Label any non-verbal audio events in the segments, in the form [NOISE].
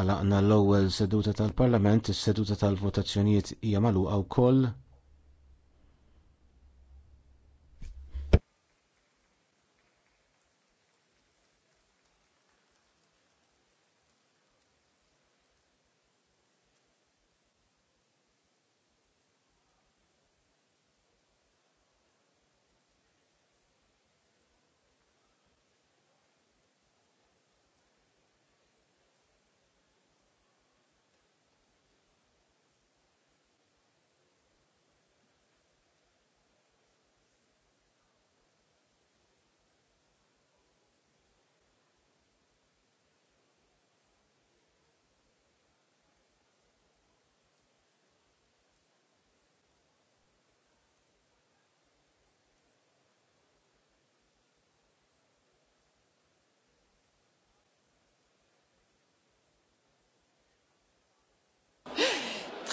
għalaqna l-ewwel seduta tal-Parlament, is-seduta tal-votazzjonijiet hija magħluqa wkoll.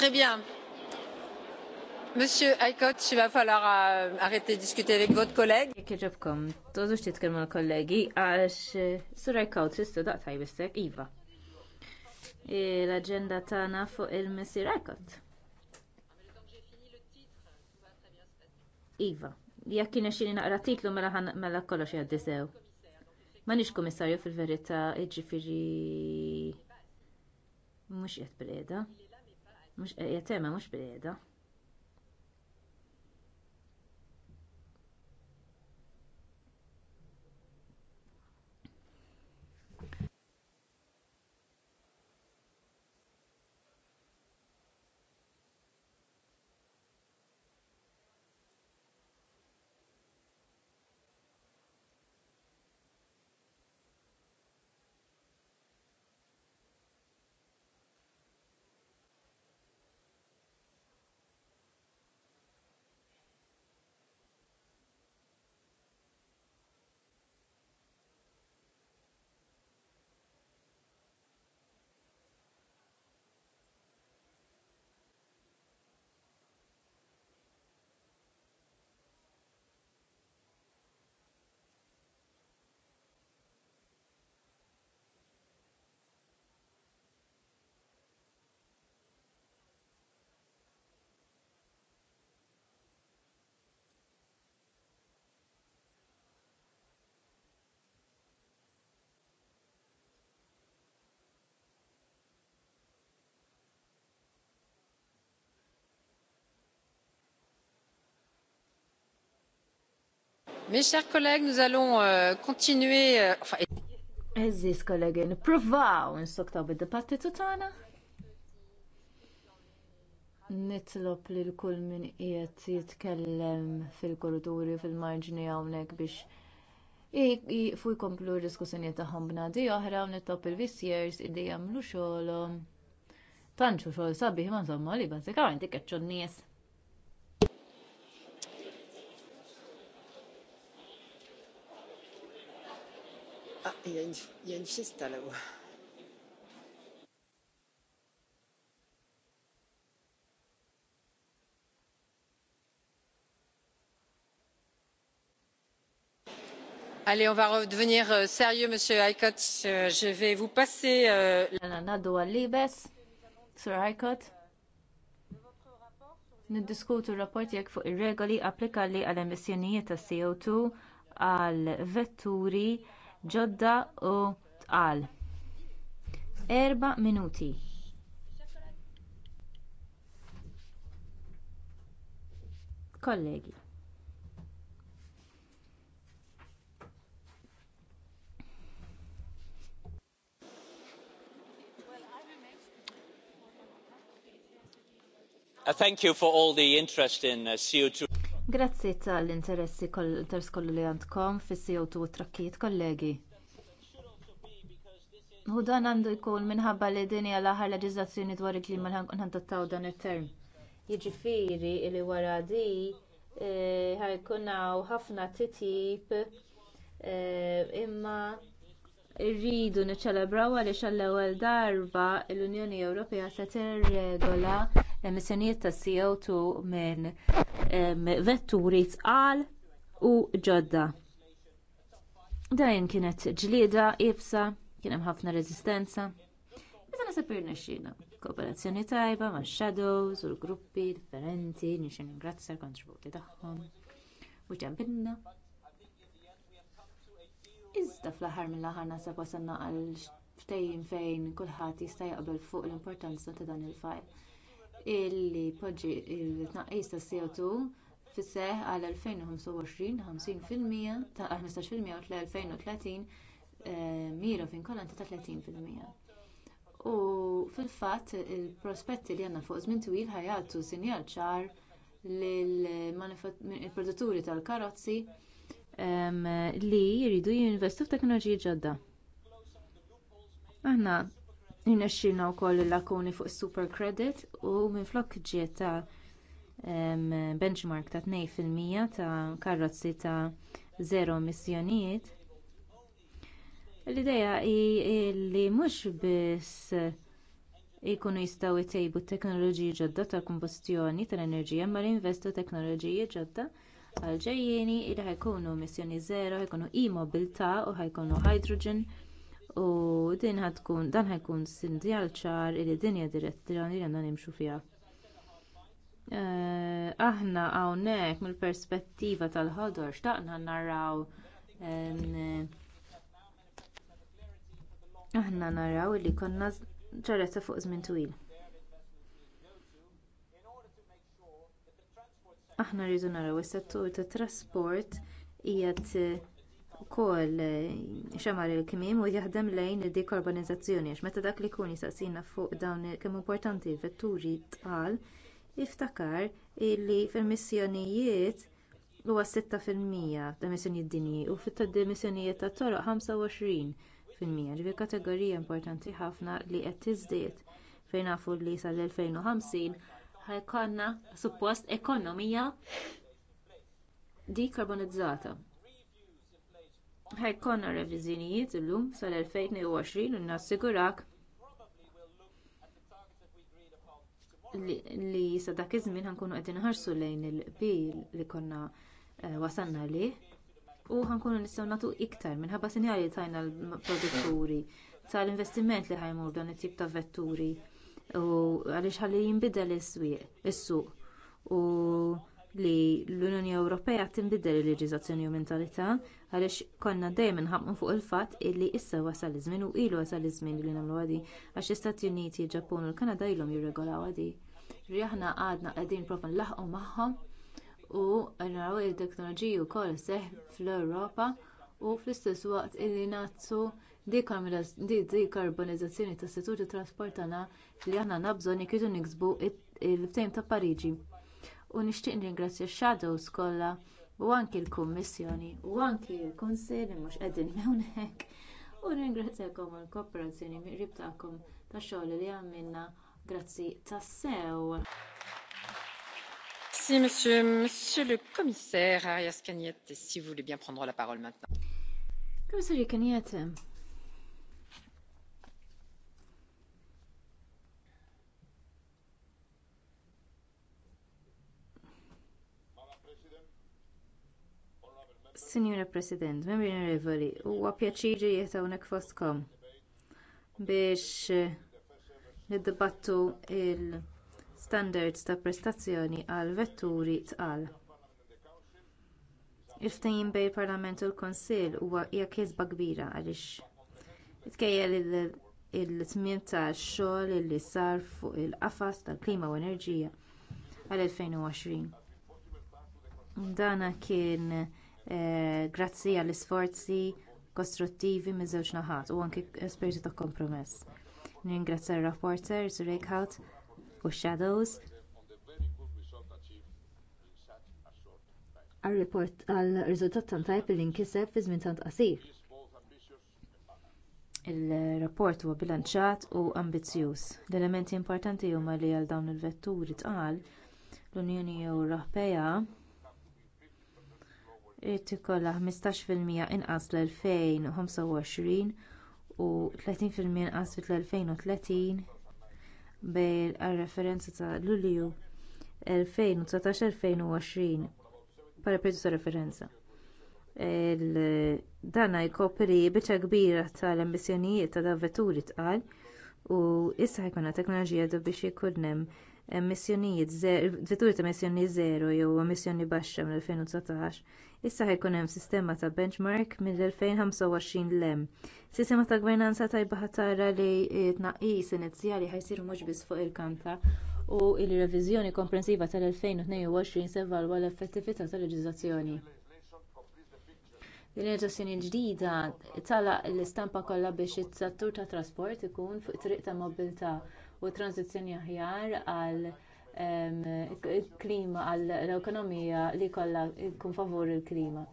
Très bien. Monsieur Aykot, il va falloir euh, arrêter de discuter avec votre collègue. Kieġobkom, tożux titkellmu l-kollegi għax sur Aykot tista' daqtaj bissek iva. E, L-aġenda tagħna fuq il-Messir Aykot. Iva, jekk kien xini naqra titlu mela mela kollox jgħaddi sew. M'għandix kummissarju fil-verità, jiġifieri mhux qed bil eda mhux qed eh, jagħtema mhux bil Euh, euh, Eżis kollegi, nipruvaw nsoktaw bid tagħna. Nitlob li l-kull min qiegħed jitkellem fil-korriduri fil-marġini hawnhekk biex jiqfu jkomplu r-diskussjonijiet tagħhom b'nadi oħra u nitlob il-visjers iddi jagħmlu xogħolhom. Tantxu xogħol sabiħ ma' insomma li bażikament ikeċċu n-nies. jien x'ista l-ewwel. Allez, on va redevenir euh, sérieux, Monsieur Aikot. Euh, je vais vous passer. Euh, Nadu għal-libes, Sir Aikot. Niddiskutu r-rapport jekk fuq ir-regoli applikali għall-emissjonijiet ta' CO2 għal vetturi ġodda u tqal erba' minuti kollegi uh, thank you for all the interest in uh, co. Grazzi tal-interessi kollu li għandkom fis-CO2 trakkijiet kollegi. U dan għandu jkun minħabba li din hija l-aħħar leġizzazzjoni dwar il-klima li nħantattaw dan it-term. Jiġifieri li wara di eh, ħajkun ħafna titjib eh, imma rridu niċċelebraw għaliex għall-ewwel darba l-Unjoni Ewropea se tirregola l-emissjonijiet ta' CO2 minn vetturi tqal u ġodda. Dajn kienet ġlieda ibsa, kien hemm ħafna reżistenza. Meta nasib irnexxina, kooperazzjoni tajba ma' shadows u l-gruppi differenti, nixin ingrazzja l-kontributi tagħhom. U ġambinna, Iżda fl-aħħar mill-aħħar nasab wasalna għal ftehim fejn kulħadd jista' jaqbel fuq l-importanza ta' dan il-fajl illi poġġi tnaqqis ta' CO2 fis-seħ għal 2025 50% ta' 15% u tl-2030 eh, mira vinkolanti ta' 30%. U fil-fatt il-prospetti li għandna fuq żmien twil ħajatu sinjal ċar lill-produtturi tal-karozzi li jridu jinvestu f'teknoloġiji ġodda. Aħna Ninaxxina u koll l-lakoni fuq super credit u minflok ġiet ta' benchmark ta' 2% ta' karozzi ta' zero emissjonijiet. l idea hi li mhux biss ikunu jistgħu jtejbu t teknoloġiji ġodda tal-kombustjoni tal-enerġija ma li jinvestu teknoloġiji ġodda għall-ġejjieni li ħajkunu emissjoni żero ħajkunu e-mobilità u ħajkunu hydrogen u din dan ħajkun sinjal ċar li din hija direzzjoni li għandna nimxu fiha. Eh, aħna hawnhekk mill-perspettiva tal-ħodor xtaqna naraw aħna naraw li konna ċarezza fuq żmien twil. aħna rridu naraw is-settur tat-trasport qiegħed ukoll eh, xamar il-kmiem u jaħdem lejn id-dekarbonizzazzjoni għax meta dak li jkun jistaqsina fuq dawn kemm importanti l-vetturi tqal iftakar li fil-missjonijiet huwa 6% ta' missjonijiet dinji u fit-dimissjonijiet tat-toroq 25% ġifi kategorija importanti ħafna li qed tiżdied fejn nafu li sal-2050 ħajkonna suppost ekonomija dekarbonizzata. Ħajkonna reviżjonijiet illum sal-2020 u nassigurak li sa dak iż-żmien ħankunu qegħdin inħarsu lejn il bil li konna eh, wasalna lih u ħankunu nistgħu nagħtu iktar minħabba sinjali tajna l-produtturi tal-investiment li ħajmur dan it-tip ta' vetturi u għaliex ħalli jinbidel is-suq u li l-Unjoni Ewropea tinbidel il-leġiżazzjoni u mentalità għaliex konna dejjem inħammqu fuq il-fatt li issa wasal iż-żmien u ilu wasal iż-żmien li nagħmlu għadi għax l-Istati Uniti, il-Ġappun u l-Kanada ilhom jirregolaw għadi. Ri aħna għadna qegħdin profa nlaħqu magħhom u naraw il-teknoloġiji wkoll seħħ fl-Ewropa u fl-istess waqt illi nagħtu dekarbonizzazzjoni tas-settur tat-trasport tagħna li aħna għandna bżonn jekk irridu niksbu l-ftehim ta' pariġi u nixtieq nirringrazzja x-shadows kollha u anki l-kummissjoni u anki l-kunsill mhux qegħdin hawnhekk u nirringrazzjakom għall-kooperazzjoni miqrib tagħkom tax-xogħol li għamilna grazzi tas-sew. Merci, monsieur, monsieur le commissaire Arias Cagnette, si vous voulez bien prendre la parole maintenant. Commissaire Cagnette, Sinjura President, membri onorevoli, huwa pjaċiri jieta hawnhekk fostkom biex eh, niddibattu l standards ta' prestazzjoni għal vetturi tqal. Il-ftehim bejn il-Parlament u l konsil huwa hija kisba kbira għaliex itkejjel il-tmiem tax-xogħol li sar fuq il-qafas tal-klima u enerġija għal 2020 dana kien Eh, grazzi għall isforzi kostruttivi miż-żewġ naħat u anki spiritu ta' kompromess. Ningrazzja r-rapporter Sir Eichhout u Shadows għal-report għal-riżultat tant tajb li nkiseb fi żmien tant qasir. Il-rapport huwa bilanċat u ambizzjuż. L-elementi importanti huma li għal dawn il-vetturi tqal l-Unjoni Ewropea irid ikollha 15% inqas l-2025 u 30% inqas fil-2030 bejn għar-referenza ta' Lulju 2019-2020 bħala perjodu ta' referenza. Dan jkopri biċċa kbira tal-emissjonijiet ta' dawn vetturi tqal u issa ħajkun teknoloġija biex ikun hemm emissjonijiet vetturi ta' emissjoni żero jew emissjoni baxxa mill-2019, issa ħajkun hemm sistema ta' benchmark mill-2025 lem. Sistema ta' gvernanza tajba ħatara li tnaqqis inizjali ħajsiru mhux biss fuq il-kanta u l-reviżjoni komprensiva tal-2022 sevalwa l-effettività tal-leġiżlazzjoni. Din il-ġassjoni ġdida tala l-istampa kollha biex it-settur tat trasport ikun fuq triq ta' mobilità u transizzjoni aħjar għal klima għal l-ekonomija li kollha jkun favur il-klima.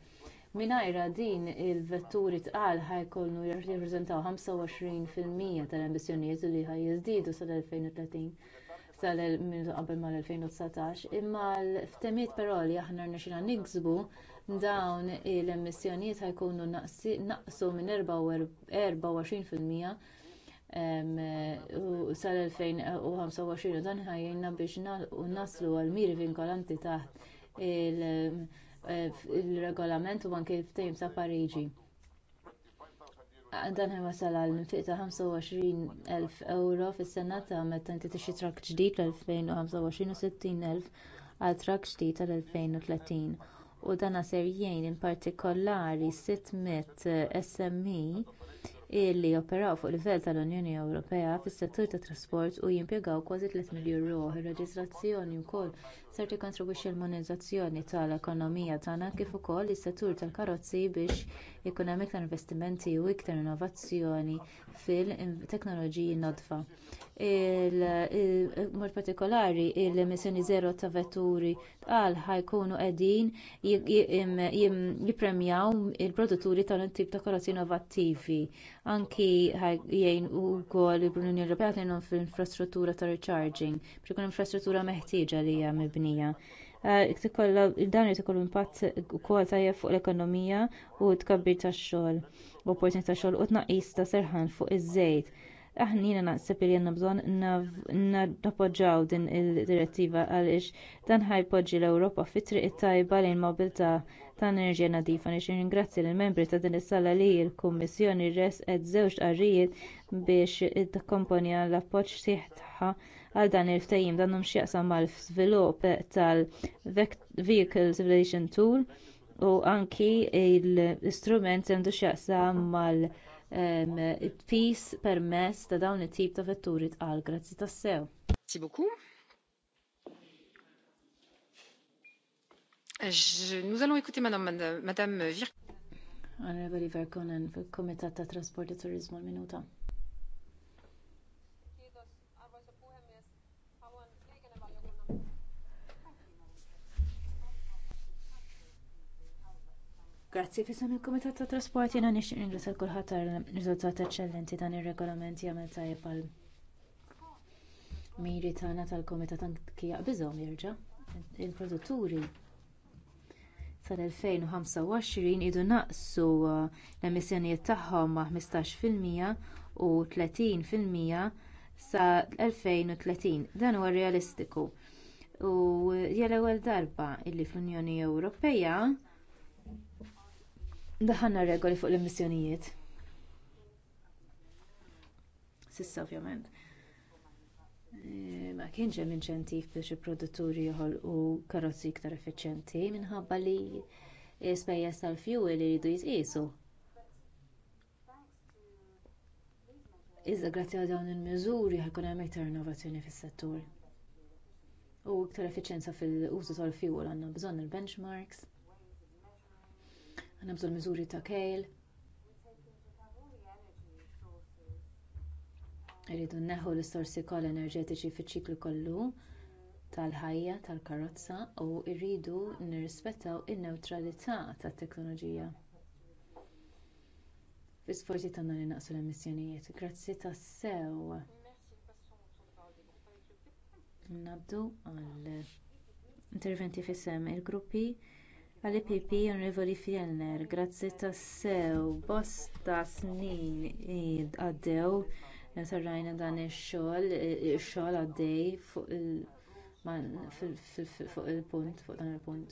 Minajra din il-vetturi tqal ħajkollu jirrappreżentaw 25% tal-emissjonijiet li ħaj jiżdiedu sal-2030 sal qabel mal-2019 imma l-ftemiet però li aħna rnexina niksbu dawn l-emissjonijiet ħajkunu naqsu minn 24% sal-2025 dan ħajjina biex naslu għal miri vinkolanti taħt il-regolament u anke ftehim ta' Pariġi. Dan ħajma sal għal nfiq ta' 25,000 euro fis-sena ta' meta inti tixi trakk ġdid l-2025 u 60,000 għal trak ġdid tal-2030 u dan ser jgħin in partikolari 600 SMI e li joperaw fuq livell tal-Unjoni Ewropea fis-settur tat-trasport u jimpjegaw kważi 3 miljun ruħ. Ir-reġistrazzjoni wkoll ser tikkontribwixxi l-monetizzazzjoni tal-ekonomija tagħna kif ukoll is-settur tal-karozzi biex ikun hemm iktar investimenti u iktar innovazzjoni fil-teknoloġiji nodfa. b'mod partikolari l-emissjoni żero ta' vetturi tqal ħajkunu qegħdin jippremjaw il-produtturi tal-tip ta' karozzi innovattivi anki jgħin u wkoll l-Unjoni Ewropea tgħinhom fil infrastruttura ta' recharging biex ikun infrastruttura meħtieġa li hija mibnija. Eh, dan irid ikollu impatt ukoll tajjeb fuq l-ekonomija u tkabbir tax-xogħol, opportunità tax xogħol u tnaqqis ta' serħan fuq iż-żejt aħnina naqseb li għandna bżonn nappoġġaw din id-direttiva għaliex dan ħajpoġġi l-Ewropa fitri triq it-tajba lejn mobilità ta' enerġija nadifa nix ringrazzi lill membri ta' din is-sala li l-Kummissjoni resqet żewġ qarrijiet biex takkompanja l-appoġġ sieħ tagħha għal dan il-ftehim dan hum jaqsam mal-żvilupp tal-Vehicle Civilization Tool u anki l-istrument għandu x'jaqsam mal- fis permess ta' dawn it-tip ta' vetturi tqal. Grazzi tassew. Nous allons écouter Madame, Madame Virkonen fil-Komitat ta' Trasport e Turizmu l-Minuta. Grazzi Fissam il-Kumitat tat Trasport jiena nixtieq ningrazzja kulħadd għar-riżultat eċċellenti dan ir-regolament jagħmel tajjeb għal miri tagħna tal-Kumitat anki jaqbiżhom jerġa' il-produtturi sal-2025 idu naqsu uh, l-emissjonijiet tagħhom ma' 15% u 30% sa 2030. Dan huwa realistiku. U hija darba li fl-Unjoni Ewropea Daħanna regoli fuq l-emissjonijiet. Sissa ovvjament. Eh, ma kienx hemm inċentiv biex il-produtturi joħolqu karozzi iktar effiċjenti minħabba li spejjeż tal-fjuwil iridu jisqisu. Iżda grazzi għal dawn il-miżuri ħajkun hemm iktar innovazzjoni fis-settur. U iktar effiċjenza fil-użu tal fuel għandna bżonn il-benchmarks. Nabżol bżonn miżuri ta' kejl. Irridu neħu l-istorsi kollha enerġetiċi fiċ-ċiklu kollu tal-ħajja tal-karozza u rridu nirrispettaw in neutralità tat-teknoloġija. Fl-isforzi tagħna li naqsu l-emissjonijiet, grazzi tas-sew. Nabdu għall interventi fis-sem il-gruppi għall-epp onorevoli fjellner grazzi tas-sew bosta snin għaddew eh, rajna dan ix-xogħol eh, għaddej fuq il-punt fuq dan il-punt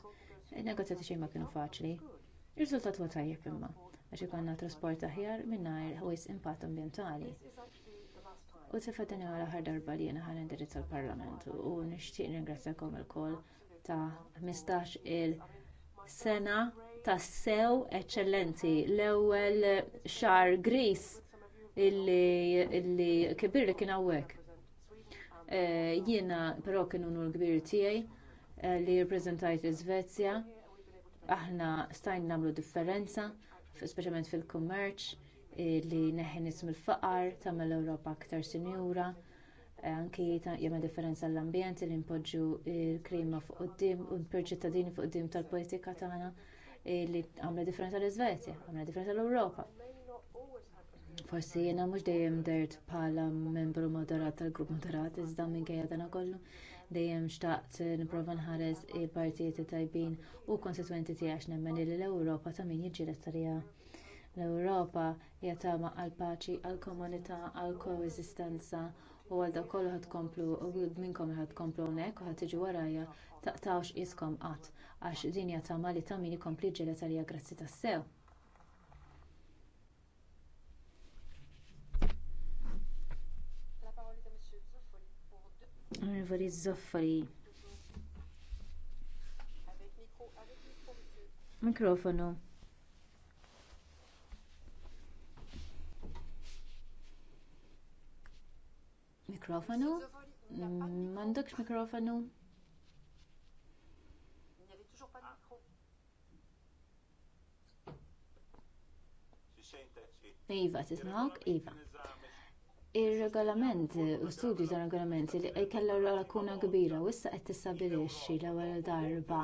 in-negozjati eh, xejn ma kienu faċli ir-riżultat huwa tajjeb imma għax ikollna trasport aħjar mingħajr wisq impatt ambjentali u tifa' din l-aħħar darba li jiena ħa indirizz għall parlament u nixtieq ningrazzjakom ilkoll ta' 15-il sena tas-sew eċċellenti l-ewwel xahar gris illi, kbir li kien hawnhekk. Eh, jiena però kien unu l-kbir tiegħi eh, li jirpreżentajt l-Iżvezja. Aħna stajn nagħmlu differenza, speċjalment fil-kummerċ, eh, li neħi nism il-faqar, tagħmel Ewropa aktar sinjura, Eh, anki jagħmel differenza l-ambjent li npoġġu l-klima fuq quddiem u l-ċittadini fuq quddiem tal-politika tagħna eh, li għamla differenza l-Iżvezja, għamla differenza l-Ewropa. Forsi jiena mhux dejjem dert bħala membru moderat tal-grupp moderat iżda minkejja dan kollu dejjem xtaqt nipprova nħares il-partijiet tajbin u konsistwenti tiegħi nemmen li l-Ewropa ta' min l tarija. L-Ewropa hija tama għall paċi għall komunità għall koeżistenza u għal dak kollu tkomplu komplu minnkom ħad tkomplu hawnhekk u ħad tiġi warajja taqtawx iskom qatt għax din hija tama li ta' min ikompli ġġieled għalija grazzi tas-sew. Mikrofonu. Mikrofonu? M'għandekx mm, mikrofonu? Iva, tismak, Iva. Ir-regolament, u studju ta' regolament li kellha lakuna kbira u issa qed tistabilixxi la wara darba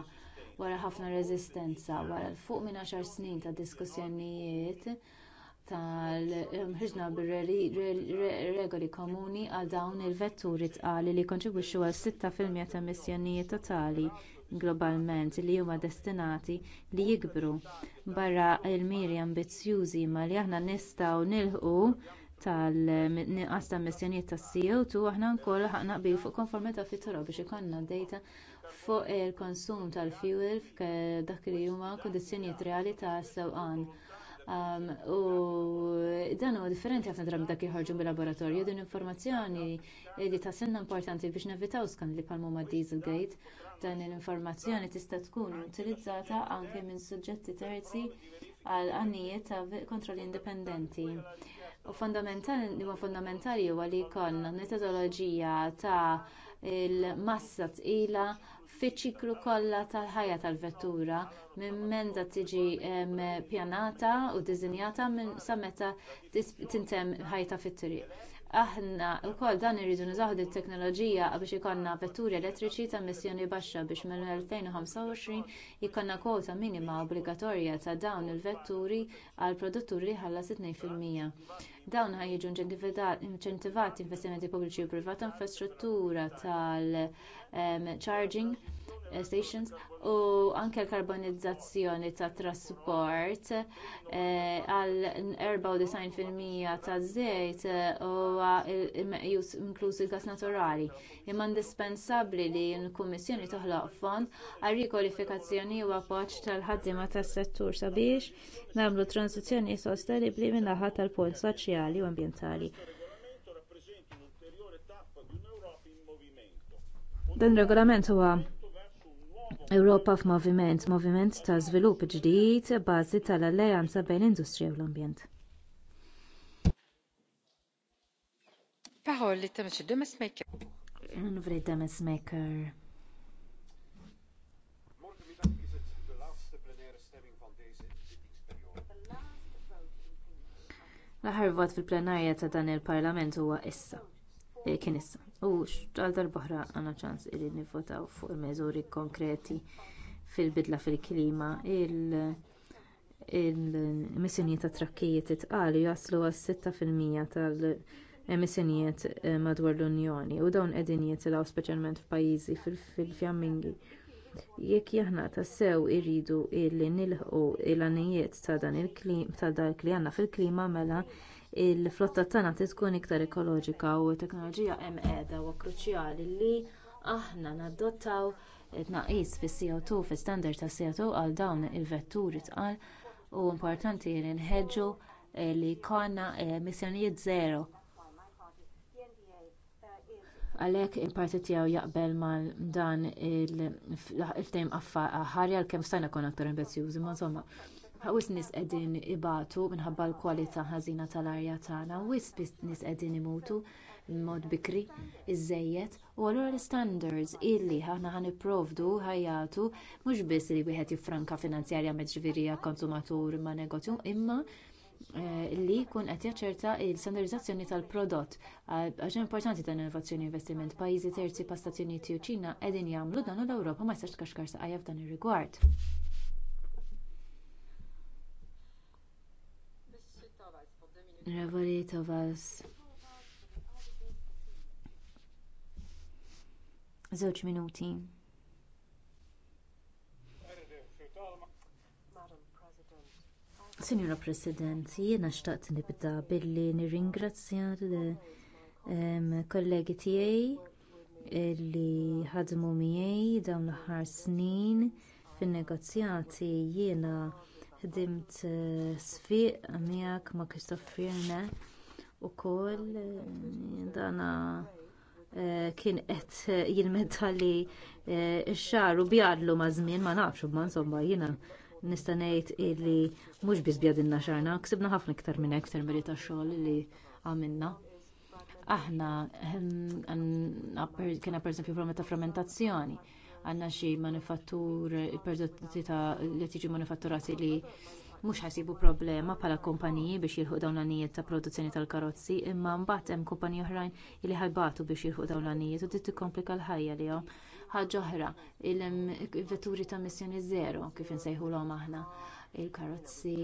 wara ħafna rezistenza, wara l fuq minn għaxar snin ta' diskussjonijiet tal-ħiġna bir-regoli komuni għal dawn il-vetturi tqali li jkontribwixxu għal 6% ta' emissjonijiet totali globalment li huma destinati li jikbru barra l-miri ambizzjużi ma li aħna nistgħu nilħqu tal-nqas ta' emissjonijiet ta' CO2 aħna wkoll ħaqna qbil fuq konformità fit-toroq biex ikollna dejta fuq il-konsum tal-fuel f'dak li huma kundizzjonijiet reali ta' sewqan U dan huwa differenti ħafna drabi dak jħorġu bil-laboratorju din informazzjoni li senna importanti biex nevitaw skandli palmu ma' Dieselgate. Dan l-informazzjoni tista' tkun utilizzata anke minn suġġetti terzi għal għannijiet ta' kontrolli indipendenti. U fondamentali huwa fondamentali huwa li konna metodoloġija ta' il-massa tqila fiċ-ċiklu kollha tal-ħajja tal-vettura minn menda tiġi ppjanata u ddisinjata sa meta tintemm ħajta fit-triq aħna wkoll dan irridu nużaw it teknoloġija biex ikollna vetturi elettriċi ta' emissjoni baxxa biex mill-2025 ikollna kwota minima obbligatorja ta' dawn il-vetturi għal produttur li ħallas 2%. Dawn ħajġu inċentivati investimenti pubbliċi u privati infrastruttura tal- um, charging uh, stations u anke karbonizzazzjoni ta' trasport uh, għal 94% taż-żejt uh, huwa meqjus inkluż il-gas naturali. Imma indispensabbli li l-Kummissjoni toħloq fond għal rikwalifikazzjoni u appoġġ tal-ħaddiema tas-settur sabiex nagħmlu transizzjoni sostenibbli min-naħa tal-punt soċjali u ambjentali. Dan regolament huwa Ewropa f'moviment, moviment ta' żvilupp ġdid bażi tal-alleanza bejn industrija u l-ambjent. Paħol li temx id-demesmaker. Nvrid demesmaker. L-aħħar vot fil-plenarja ta' dan il-Parlament huwa issa. Eh, kien issa u xtal darbohra għandna ċans li nivvotaw fuq il-meżuri konkreti fil-bidla fil-klima il-emissjonijiet tat trakkijiet itqalu jaslu għas 6% tal-emissjonijiet eh, madwar l-Unjoni u dawn qegħdin jitilgħu speċjalment f'pajjiżi fil-fjammingi. Jekk aħna sew irridu illi nilħqu l-għanijiet ta' dak li għandna fil-klima mela il-flotta tagħna tkun iktar ekoloġika u t-teknoloġija hemm qiegħda huwa kruċjali li aħna nadottaw tnaqqis fis-CO2 fis-standard ta' CO2 għal dawn il-vetturi tqal u importanti li nħeġġu li jkollna eh, emissjonijiet żero għalhekk il-parti tiegħu jaqbel mal dan il-ftehim ħarja kemm stajna kon aktar imbezzjużi ma Wis nis qegħdin ibatu minħabba l-kwalità ħażina tal-arja tagħna, wis nis qegħdin imutu mod bikri iżejjed u allura l-standards illi aħna ħan nipprovdu ħajjatu mhux biss li wieħed jiffranka finanzjarjament ġifieri konsumatur ma' negozju imma eh, li jkun qed jaċċerta l-standardizzazzjoni tal-prodott għax importanti dan innovazzjoni investiment pajjiżi terzi pa' Stati Uniti u Ċina qegħdin jagħmlu dan u l-Ewropa ma jistax tkaxkar saqajja f'dan ir-rigward. Revoli Tovas. Żewġ minuti. Signora President, jiena xtaqt nibda billi nirringrazzja kollegi tiegħi li ħadmu miegħi dawn l-aħħar snin fin-negozjati jiena ħdimt eh, sfiq miegħek ma' Kristofirne ukoll eh, dana eh, kien qed jilmenta li x-xar u bjadlu ma' żmien ma nafx imma insomma jiena nista' ngħid illi mhux biss bjadilna xarna, ksibna ħafna iktar minn hekk termini tax-xogħol li għamilna aħna kien per esempio ta' frammentazzjoni għandna xi manifattur prodotti ta' li tiġi manifatturati li mhux ħasibu problema bħala kumpaniji biex jieħdu dawn l-għanijiet ta' produzzjoni tal-karozzi imma mbagħad hemm kumpaniji oħrajn li ħajbatu biex jieħdu dawn l-għanijiet u dit tikkomplika l-ħajja li Ħaġa oħra, il-vetturi ta' missjoni żero kif insejħulhom aħna il-karozzi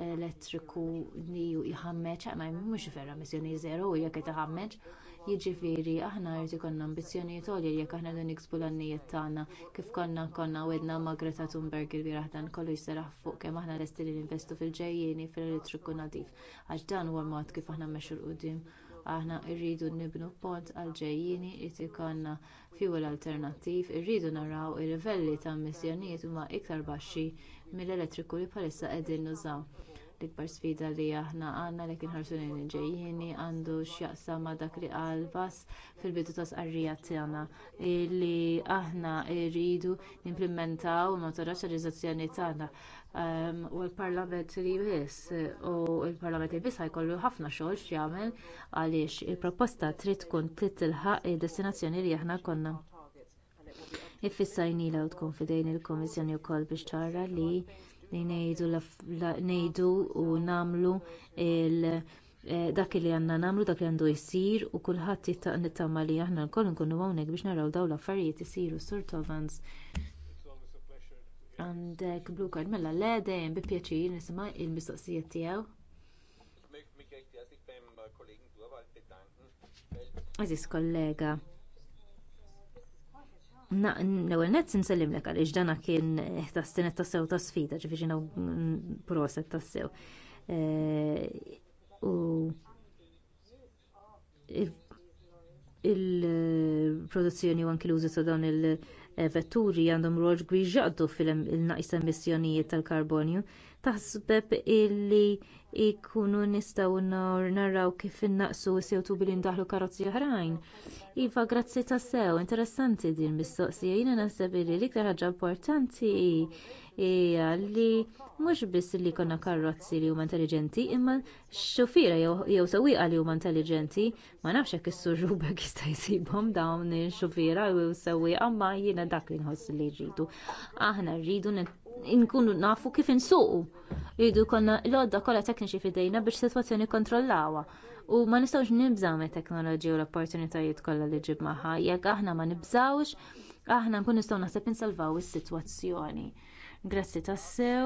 elettriku li jħammeċ, ma mhux vera missjoni żero u jekk qed iħammeċ Jiġifieri aħna rrid ikollna ambizzjonijiet għolja jekk aħna din niksbu l-għannijiet tagħna kif konna konna wedna ma' Greta Thunberg il-bieraħ dan kollu jserraħ fuq kemm aħna lesti li ninvestu fil-ġejjieni fil-elettriku nadif għax dan huwa mod kif aħna mmexxu l-qudiem aħna rridu nibnu pont għall ġejjieni irid ikollna fjuwel alternattiv, irridu naraw il-livelli ta' emissjonijiet huma iktar baxxi mill-elettriku li bħalissa qegħdin nużaw l-ikbar sfida li aħna għandna li kien ħarsu ġejjieni għandu x'jaqsam ma' dak li qal Bas fil-bidu ta' sqarrija tagħna li aħna rridu nimplementaw il-motoraċċarizzazzjoni tagħna ehm, u l-Parlament li biss u l-Parlament li biss ħajkollu ħafna xogħol x'jagħmel għaliex il-proposta trid tkun titilħaq id-destinazzjoni li aħna konna Ifissajnila u tkun fidejn il-Komissjoni wkoll biex tara li li ngħidu u nagħmlu eh, dak li għandna nagħmlu dak li għandu jsir u kulħadd nittama li aħna lkoll nkunu hawnhekk biex naraw dawn l-affarijiet isiru sur Tovans. Għandek blue card mella l dejjem bi pjaċir nisma' il-mistoqsijiet tiegħu. Aziz kollega, l-ewwel nett nsellimlek għaliex dana kien eh, tas ta' sew ta' sfida ġifieri proset ta' sew. Eh, u il-produzzjoni u anki l-użu ta' dawn il-vetturi eh, għandhom rol kbir ġaqdu fil-naqis emissjonijiet tal-karbonju taħsbeb illi jkunu nistgħu naraw kif innaqsu s-CO2 billi ndaħlu karozzi oħrajn. Iva, grazzi ta' sew, interessanti din mistoqsija. Jiena naħseb illi l-iktar ħaġa importanti hija li mhux biss li jkollna karozzi li huma intelligenti, imma x-xufiera jew sewwieqa li huma intelligenti, ma nafx hekk is-sur [LAUGHS] jista' jsibhom dawn il-xufiera jew sewwieqa, ma jiena dak li nħoss li jridu. Aħna rridu nkunu nafu kif insuqu. Jridu konna l-odda kolla tekniċi fidejna biex situazzjoni kontrollawa. U ma nistawx nibżaw me teknoloġija u l-opportunitajiet kollha li ġib maħħa. Jekk aħna ma nibżawx, aħna nkun nistgħu naħseb insalvaw is-sitwazzjoni. Grazzi tassew.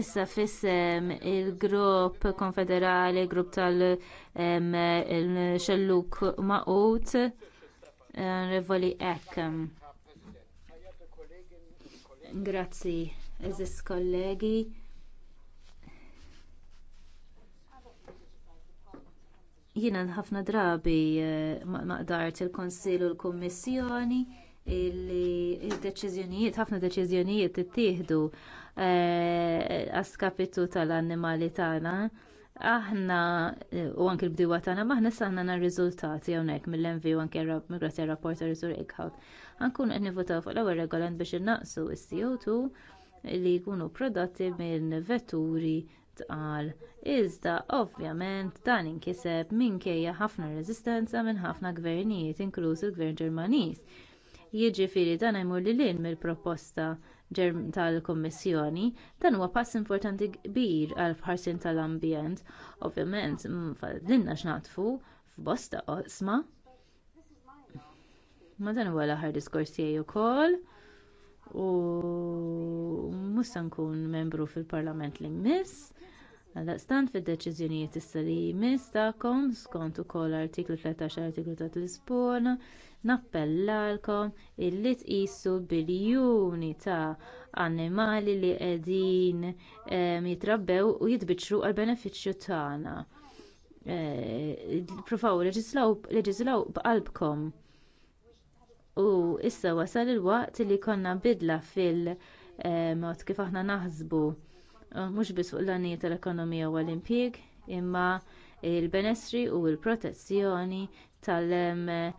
Issa fissem il-grupp konfederali, grupp tal-xelluk maqut, rivoli ekkem. Grazzi, eżis kollegi. Jiena ħafna drabi eh, maqdart il-Konsil u l-Kommissjoni illi deċiżjonijiet, ħafna deċiżjonijiet ittieħdu eh, għaskapitu tal-annimali tagħna. Aħna eh, u anke l-bdiwa tagħna maħna saħna nar riżultati hawnhekk mill-envi u anke migrati rapporter Riżur Ikħaw għankun qed nivotaw fuq l-ewwel regolament biex innaqsu s-CO2 li jkunu prodotti minn vetturi tqal. Iżda ovvjament dan inkiseb minkejja ħafna reżistenza minn ħafna gvernijiet inkluż il-Gvern Ġermaniż. Jiġifieri dan jmur lil hinn mill-proposta tal-Kommissjoni, dan huwa pass importanti kbir għal ħarsien tal-ambjent, ovvjament fadlinna x'naqtfu f'bosta qosma Ma dan huwa l-aħħar diskors tiegħi wkoll u mhux se nkun membru fil-Parlament li jmiss. Għaldaqstant fid-deċiżjonijiet issa li jmiss tagħkom skont ukoll artiklu 13 artiklu ta' Lisbona nappellalkom illi tqisu biljuni ta' annimali li qegħdin jitrabbew u jitbiċċru għall benefiċċju tagħna. Eh, provaw leġislaw b'qalbkom u issa wasal il-waqt li jkollna bidla fil-mod eh, kif aħna naħsbu eh, mhux biss fuq l-għanijiet tal-ekonomija u l-impjieg imma l benessri u l-protezzjoni eh,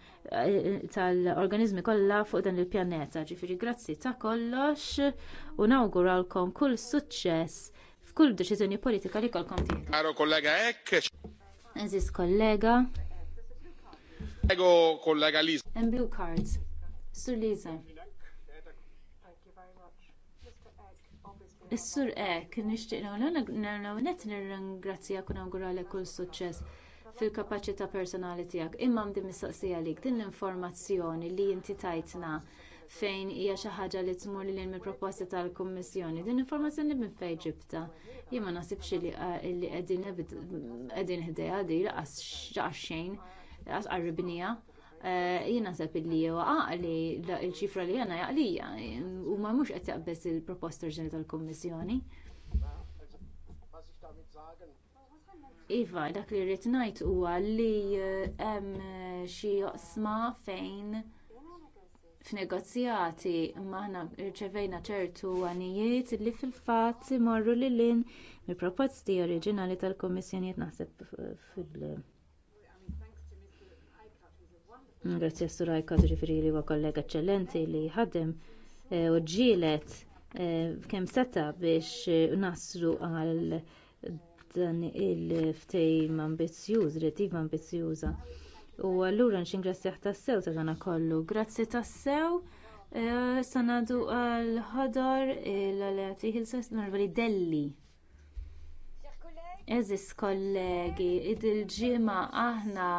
tal-organizmi kollha fuq dan il-pjaneta. Ġifieri grazzi ta' kollox u nawguralkom kull suċċess f'kull deċiżjoni politika li kolkom tieħdu. Eżis kollega. Ego kollega cards. Sur Liza. Is-sur ek, nishtiq nawnet nir-ringrazzja kun awgurale kull suċċess fil kapaċità personali tiegħek. Imma mdi mistaqsija lik din l-informazzjoni li inti tajtna fejn hija xi ħaġa li tmur lil proposta tal-Kummissjoni. Din informazzjoni minn fejn ġibta. Jien ma nasibx li eh, qegħdin qegħdin ħdejha di laqas xejn, laqas qarribnija. Eh, jina sepp li jew għaqli il-ċifra li jena jaqlija u ma mux qed jaqbess il-proposta ġenet tal-Kommissjoni. Iva, dak li rrit ngħid huwa li eh, hemm xi joqsma fejn f'negozjati maħna rċevejna ċertu għanijiet li fil-fatt imorru l-in mill-proposti oriġinali tal kommissjoni naħseb fil- Grazzi għas-suraj ġifieri li huwa kollega eċċellenti li ħadem eh, u ġielet eh, kem seta biex eh, naslu għal dan il-ftejm ambizzjuż, rettiv ambizzjuża. U allura nxingrazzjaħ tassew ta' dan kollu. Grazzi tassew. Sanadu għal-ħadar l-għalati Hilsas narvali Delli. Eżis kollegi, id-ġima aħna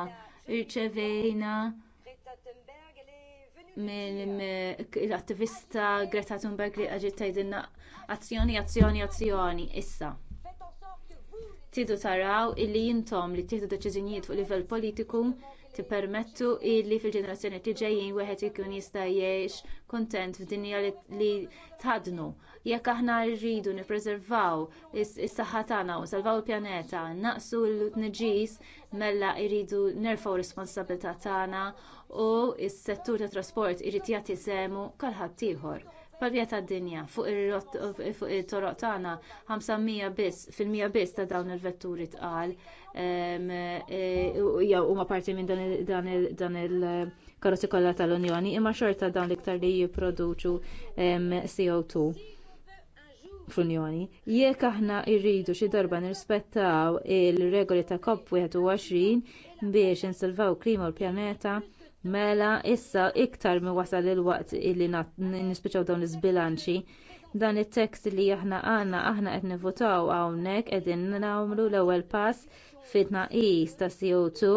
irċevejna mill-attivista Greta Thunberg li għaġit tgħidilna azzjoni, azzjoni, azzjoni, issa tidu taraw illi jintom li tieħdu deċiżjonijiet fuq livell politiku tippermettu illi fil-ġenerazzjoni li ġejjin wieħed ikun jista' jgħix kuntent f'dinja li tħadnu. Jekk aħna rridu nippreservaw is-saħħa tagħna u salvaw il-pjaneta, naqsu l-tniġis mella jridu nerfgħu responsabilità tagħna u s-settur tat trasport irid jagħti semu kalħadd ieħor barja tad dinja fuq il eh, toroq tagħna 500 fil-mija biss ta' dawn il-vetturi tqal eh, jew huma parti minn dan il-karozzi kollha tal-Unjoni imma xorta dawn l-iktar li jipproduċu CO2 fl-Unjoni. Jekk aħna rridu xi darba nirrispettaw ir regoli ta' COP21 biex insalvaw klima u l-pjaneta, mela issa iktar mi wasal il-waqt illi nispiċaw dawn iż-bilanċi dan it-tekst li aħna għandna aħna qed nivvotaw hawnhekk qegħdin nagħmlu l-ewwel pass fi tnaqqis ta' CO2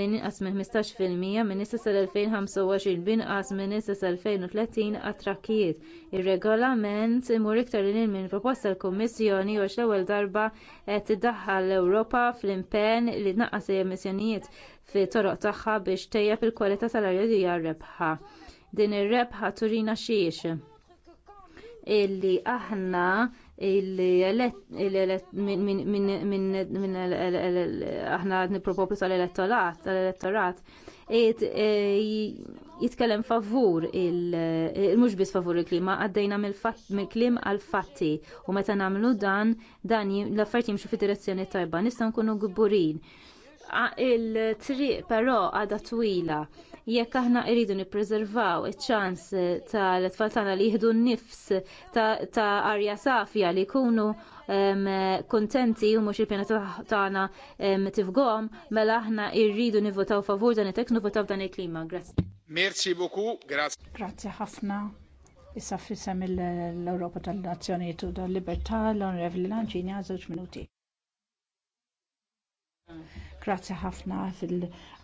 minn inqas minn 15% minn issa sal-2025 binqas minn issa sal-2030 għat-trakkijiet. Ir-regolament imur iktar lil minn proposta l-Kummissjoni għax l-ewwel darba qed tiddaħħal l-Ewropa fl-impenn li tnaqqas emissjonijiet fi toroq tagħha biex tejjeb il-kwalità tal-arja li hija rebħa. Din ir-rebħa turina xiex illi aħna minn aħna tal-elettorat tal-elettorat e- jitkellem favur il-mhux e- biss favur il-klima għaddejna mill-klim għal fatti u meta nagħmlu dan dan l-affarijiet jimxu fid-direzzjoni tajba nista' nkunu gburin il-triq però għadha twila. Jekk aħna rridu nippreservaw iċ-ċans tal-tfal tagħna li jieħdu nnifs ta' arja safja li jkunu kuntenti u mhux il pjanet tagħna tifgħom, mela aħna rridu nivvotaw favur dan it-tekst nivvotaw dan il-klima. Grazzi. Merci beaucoup, grazie. Grazzi ħafna. Issa fissem l-Europa tal-Nazzjoniet u tal-Libertà l onrevli Lanċini għal żewġ minuti. Grazie ħafna fil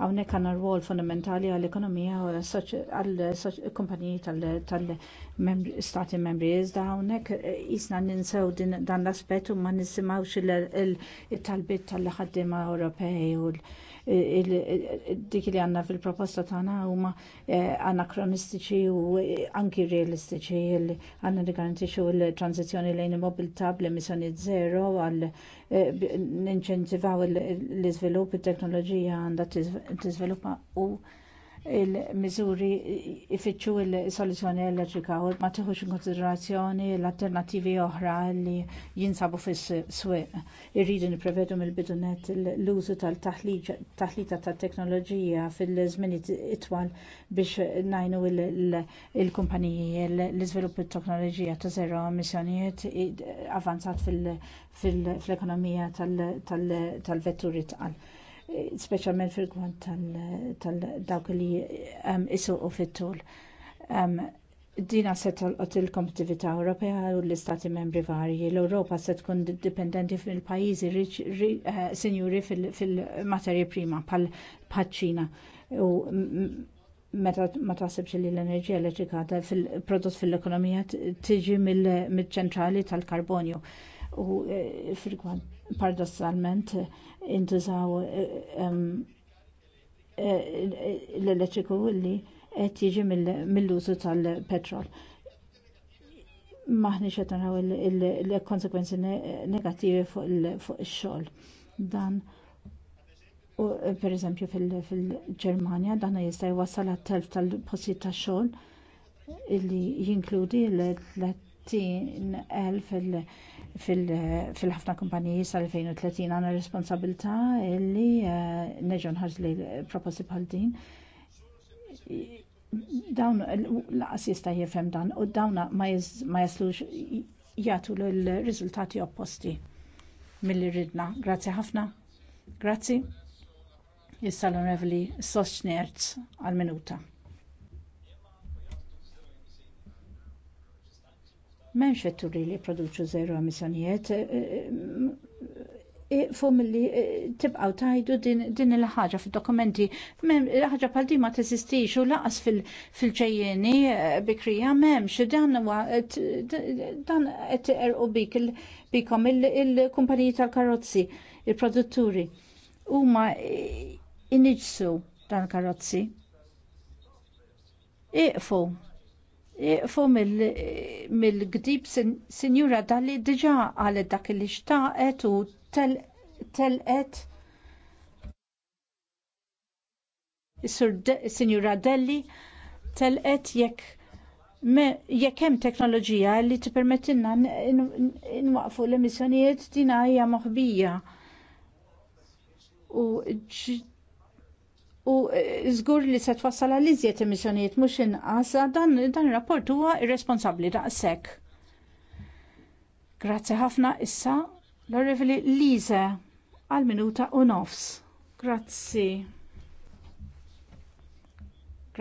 hawnhekk għandna rwol fondamentali għall-ekonomija u għall-kumpaniji tal-Stati membri. Iżda hawnhekk eh, isna ninsew dan l-aspett u ma nisimgħux il-talbit tal-ħaddiema Ewropej u dik li għandna fil-proposta tagħna huma eh, anakronistiċi u anki realistiċi għandna li garantixxu l-tranzizzjoni lejn il-mobilità bl-emissjoni zero għal eh, ninċentivaw l-iżvilupp it-teknoloġija għandha tiżviluppa u il-miżuri ifittxu il-soluzzjoni elettrika u ma tieħux konsiderazzjoni l-alternattivi oħra li jinsabu fis-swieq. Irridu nipprevedu mill-bidunet l-użu tal-taħlita tat-teknoloġija fil żmienijiet itwal biex najnu il-kumpaniji l-iżvilupp t teknoloġija ta' zero emissjonijiet avanzat fil-ekonomija tal-vetturi tqal speċjalment fil-kwant tal-dawk li ehm, isuqu fit-tul. Ehm, dina se tolqot il kompetivita Ewropea u l-Istati membri varji. L-Ewropa se tkun dipendenti fil pajjiżi eh, sinjuri fil materi prima pal ċina U meta ma taħsibx li l-enerġija elettrika prodott fil-ekonomija tiġi mill-ċentrali tal-karbonju u e, frikwant paradossalment e, intużaw e, l-elettriku li qed jiġi mill-użu tal-petrol. Maħniex qed naraw il-konsekwenzi negattivi fuq ix-xogħol. Dan u per eżempju fil-Ġermanja dan jista' jwassal għat-telf tal-postijiet tax-xogħol illi jinkludi l fil-ħafna kumpaniji sal-2030 għana responsabilità eh, li neġgħu nħarġli proposti bħal din. Dawn laqas jista' jifhem dan u dawn ma jaslux jagħtu l-riżultati opposti milli ridna. Grazzi ħafna. Grazzi. Issa l-Onorevoli Sosnerz għal-minuta. M'hemmx vetturi li jipproduċu zero emissjonijiet fum li tibqaw tajdu din il-ħaġa fil-dokumenti. ħaġa pal ma teżistix u laqas fil-ċejjeni eh, bikrija memx. Dan eh, dan qed erqu bik bikom il-kumpaniji tal-karozzi, il-produtturi. Huma eh, iniġsu dan karozzi. Iqfu Eh, fu mill-gdib sinjura dalli diġa għalet dak li xtaqet u telqet sinjura Delli telqet jekk jekk hemm teknoloġija li tippermettilna nwaqfu l-emissjonijiet din hija moħbija u u e, zgur li se twassal għal iżjed emissjonijiet mhux inqas dan dan ir-rapport huwa irresponsabbli daqshekk. Grazzi ħafna issa l-orrivli Lise għal minuta u nofs. Grazzi.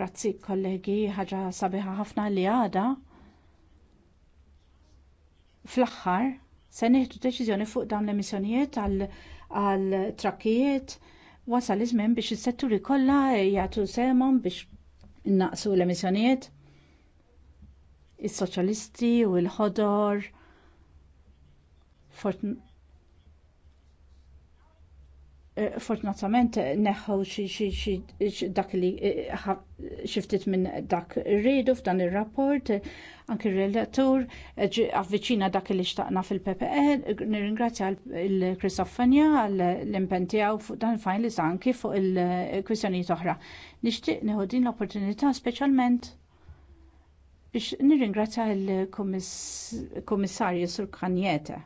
Grazzi kollegi, ħaġa sabiħa ħafna li għada. Fl-aħħar se nieħdu deċiżjoni fuq dawn l-emissjonijiet għal trakkijiet wasal iż-żmien biex is-setturi kollha jagħtu semhom biex innaqsu l-emissjonijiet. Is-soċjalisti u l-ħodor Eh, fortunatament eh, neħħu dak li eh, xiftit minn dak rridu f'dan ir-rapport, anki relatur għavvicina dak li xtaqna fil-PPE, nirringrazzja l-Kristofania għall-impen impentijaw fuq dan il-fajn li anki fuq il kwissjoni oħra. Nixtieq nieħu din l-opportunità speċjalment biex nirringrazzja l-Kummissarju Sur Kanjete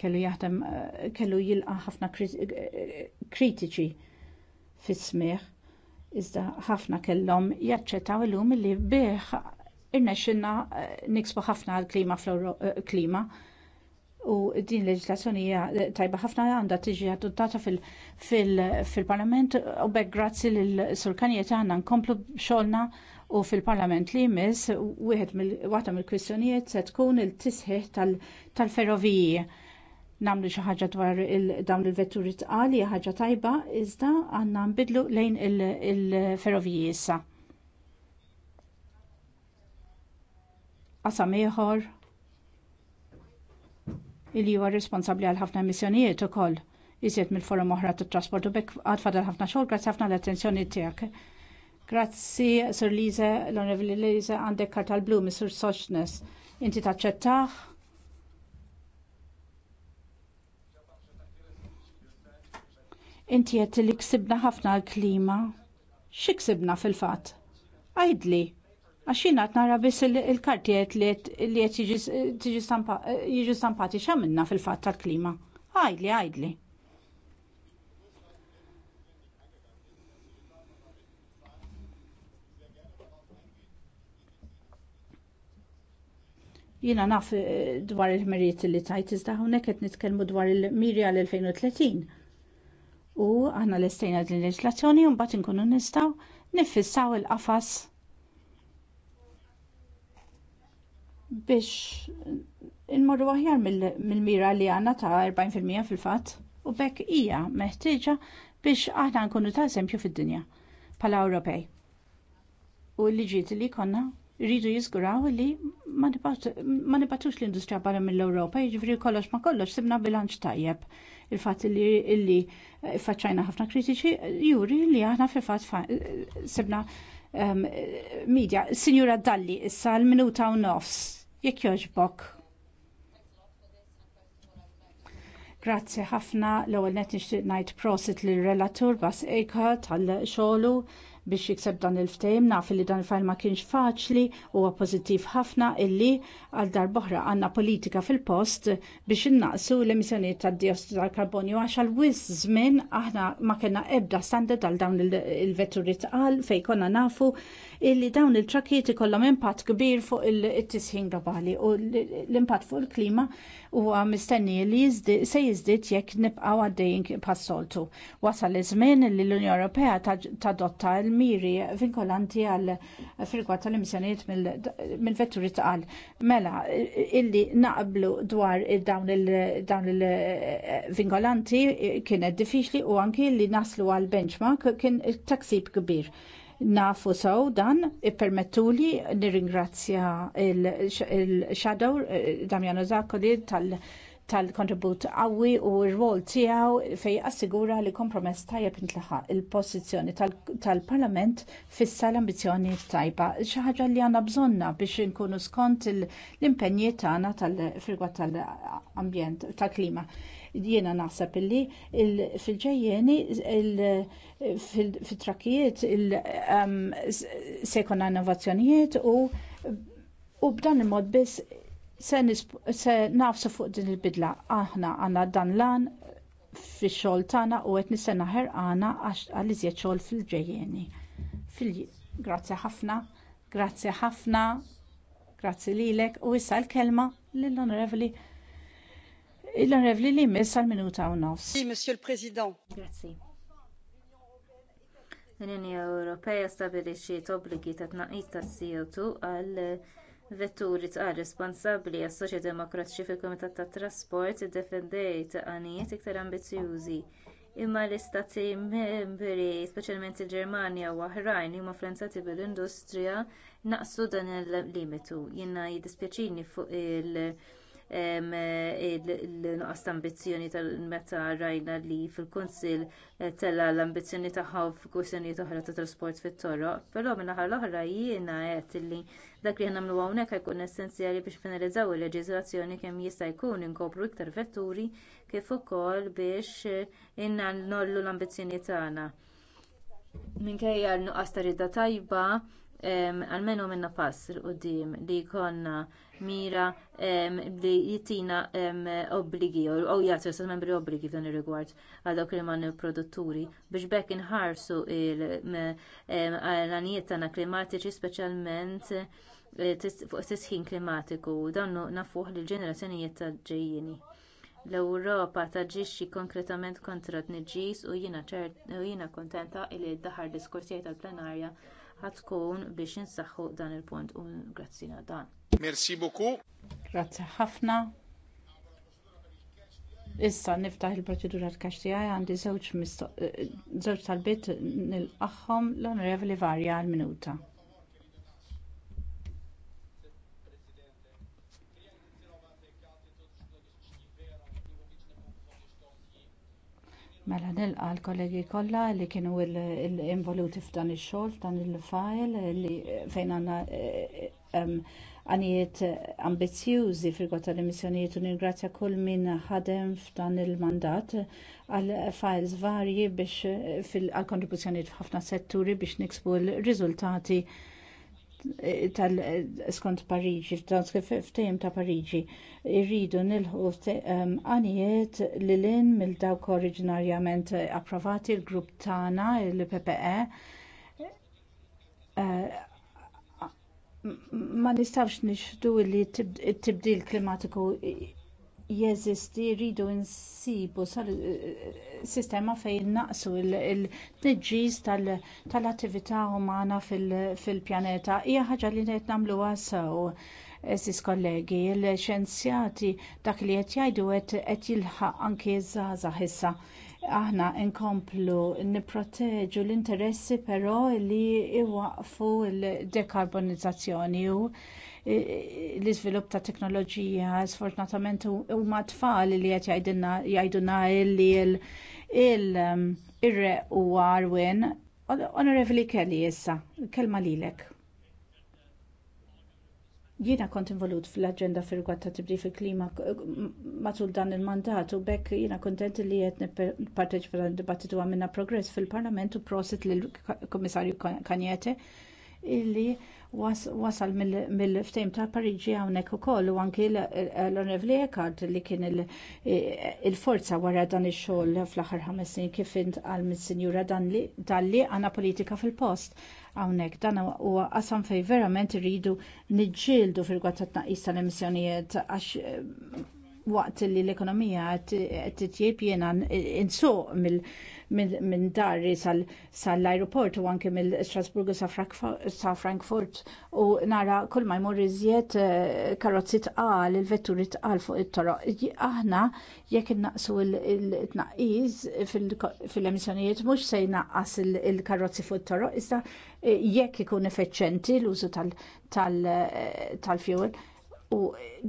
kellu jaħdem eh, kellu jilqa ħafna kritiċi fis-smieħ iżda ħafna kellhom jaċċettaw illum li bih irnexxinna eh, niksbu ħafna għall-klima fl-klima eh, u din leġislazzjoni hija tajba ħafna għandha tiġi adottata fil-Parlament u bekk grazzi lil Sur Kanjeta għandna nkomplu xogħolna u fil-Parlament li jmiss wieħed mill-waħda mill-kwistjonijiet se tkun il-tisħiħ tal-ferroviji namlu xi ħaġa dwar dawn il-vetturi tqal hija ħaġa tajba iżda għandna nbidlu lejn il-ferroviji issa. Qasam ieħor illi huwa responsabbli għal ħafna emissjonijiet ukoll iżjed mill-forum oħra tat-trasport u bekk għad fadal ħafna xogħol grazzi ħafna l-attenzjoni tiegħek. Grazzi, Sir Lise, l-Onorevoli Lise, għandek kartal blu Mr. Soċnes. Inti taċċettaħ? Inti qed li ksibna ħafna l-klima. Xi ksibna fil-fatt? Għajdli, għax jiena qed nara biss il-kartijiet li qed jiġu stampati x'għamilna fil-fatt tal-klima. Għajdli, għajdli. jina naf eh, dwar il-mirijiet li tajt iżda hawnhekk qed nitkellmu dwar il-miri l 2030 u aħna l-istejna din leġislazzjoni u mbagħad inkunu nistgħu niffissaw il-qafas biex inmorru aħjar mill-mira li għandna ta' 40% fil-fatt u bekk hija meħtieġa biex aħna nkunu ta' eżempju fid-dinja bħala Ewropej. U l-liġiet li konna rridu jiżguraw li ma nibatux l-industrija barra mill-Ewropa, jiġifieri kollox ma kollox sibna bilanċ tajjeb il-fatt li illi eh, faċċajna ħafna kritiċi juri li aħna fil-fatt sebna ehm, media. Sinjura Dalli issa l-minuta u nofs jekk jogħġbok. Grazzi ħafna l-ewwel net nixtieq ngħid prosit lir relatur Bas Eka tal-xogħlu biex jikseb dan il-ftejm naf li dan il-fajl ma kienx faċli huwa pożittiv ħafna illi għal darboħra għandna politika fil-post biex innaqsu l-emissjonijiet tad dijossidu tal-karbonju għax għal wis żmien aħna ma kellna ebda standard għal dawn il-vetturi tqal fejn konna nafu illi dawn il-trakiet ikollhom impatt kbir fuq it-tisħin globali u l-impatt fuq il-klima huwa mistenni li se jiżdied jekk nibqgħu għaddejjin pas-soltu. Wasal iż-żmien li l-Unjoni Ewropea tadotta l miri vinkolanti għal frikwa tal-emissjoniet mill-vetturi tqal. Mela, illi naqblu dwar dawn il-vinkolanti kienet diffiċli u anki li naslu għal benchmark kien taksib kbir nafu saw dan ippermettuli nirringrazzja il-Shadow eh, Damjano Zakoli tal- tal-kontribut qawwi u r-rol tiegħu fejn assigura li kompromess tajjeb intlaħaq il-pożizzjoni tal-Parlament fissa l ambizjoni tajba xi ħaġa li għandna bżonna biex inkunu skont l-impenji tagħna tal-frigwa tal-ambjent tal-klima. Jiena naħseb illi fil-ġejjeni fil-trakkijiet se jkun innovazzjonijiet u u b'dan il-mod biss se nafsu fuq din il-bidla aħna għandna dan lan fix-xogħol tagħna u qed nistenna ħerqana għal iżjed xogħol fil-ġejjeni. Grazzi ħafna, grazzi ħafna, grazzi lilek u issa l-kelma lill-Onorevoli l-Onorevoli li jmiss għal minuta u nofs. Monsieur le President. Grazzi. L-Unjoni Ewropea stabilixxiet obbligi ta' tnaqqis ta' CO2 għal vetturi tqal responsabbli għas-soċja demokratiċi fil-kumitat tat-trasport iddefendejt għanijiet iktar ambizzjużi imma l-istati membri speċjalment il-ġermanja u oħrajn li huma influwenzati bil-industrija naqsu dan il-limitu jiena jiddispjaċini fuq il- l-nuqqas ta' ambizzjoni tal-meta rajna li fil-Kunsill eh, tella l-ambizzjoni tagħha f'kwistjonijiet oħra ta' trasport fit-toroq, però min-naħa l-oħra jiena għedt li dak li nagħmlu hawnhekk jkun essenzjali biex finalizzaw il-leġiżlazzjoni kemm jista' jkun inkopru iktar vetturi kif ukoll biex eh, inna nollu l-ambizzjoni tagħna minkejja l-nuqqas ta' rida tajba għalmenu minna pass il-qoddim li jkollna mira li jitina obbligi u jgħatu s membri obbligi f'dan ir-rigward għal dawk li man produtturi biex bekk inħarsu l-għanijiet tagħna klimatiċi speċjalment eh, fuq tisħin klimatiku u dan nafuh lill ġenerazzjonijiet ta' ġejjini. L-Ewropa taġixxi konkretament kontra t tniġġis u jiena kontenta li d-daħar diskursijaj tal-plenarja ħatkun biex insaħħu dan il-punt u grazzina għal dan. Merci beaucoup. Grazzi ħafna. Issa niftaħ il-proċedura l-kaxtijaj għandi żewġ eh, talbiet nil-qaħħom l-onorevoli varja għal-minuta. Mela nilqa l-kollegi kollha li kienu l involuti f'dan ix-xogħol f'dan il-file li fejn għandna eh, eh, għanijiet ambizzjużi fil tal-emissjonijiet u ningrazzja kull min ħadem f'dan il-mandat għal files varji biex eh, għal kontribuzzjonijiet f'ħafna setturi biex niksbu l-riżultati skont Pariġi, f'dan ftehim ta' Pariġi, irridu nilħu għanijiet li l-in mil dawk oriġinarjament approvati l-grupp tagħna l ppe eh, Ma nistawx nixdu li t-tibdil klimatiku jeżisti jridu nsibu sistema fejn naqsu l-tneġġis tal-attività umana fil-pjaneta. Hija ħaġa li qed nagħmluha sew. Eżis kollegi, l-xenzjati dak li qed jgħidu qed jilħaq anke żgħażagħ issa. Aħna nkomplu nipproteġu l-interessi però li iwaqfu l-dekarbonizzazzjoni u l-iżvilupp ta' teknoloġija sfortunatament huma tfal li qed jgħidulna li il-re um, u Arwen. Onorevoli Kelly issa, kelma lilek. Jiena kont involut fl-agenda fil ta' tibdi fil-klima matul dan il-mandat u bekk jiena kontent li qed nipparteċipa dan dibattitu għamina progress fil-Parlament u prosit lill kummissarju Kanjete illi wasal mill-ftejm ta' Pariġi hawnhekk ukoll u anki l li Eckhart li kien il-forza wara dan ix-xogħol fl-aħħar ħames snin kif intqal mis-Sinjura Dalli għandna politika fil-post hawnhekk dan huwa qasam fejn verament irridu niġġieldu fil-gwatt tat-tnaqqis tal-emissjonijiet għax eh, waqt li l-ekonomija qed titjieb jiena insuq mill- minn darri sal-aeroport u anke mill-Strasburgu sa' Frankfurt u nara kull ma jmur iżjed eh, karozzi tqal, il-vetturi tqal fuq it-toroq. Aħna jekk innaqsu il-tnaqqis fil-emissjonijiet mhux se jnaqqas il-karozzi fuq it-toroq, iżda eh, jekk ikun effiċjenti l-użu eh, tal-fuel. U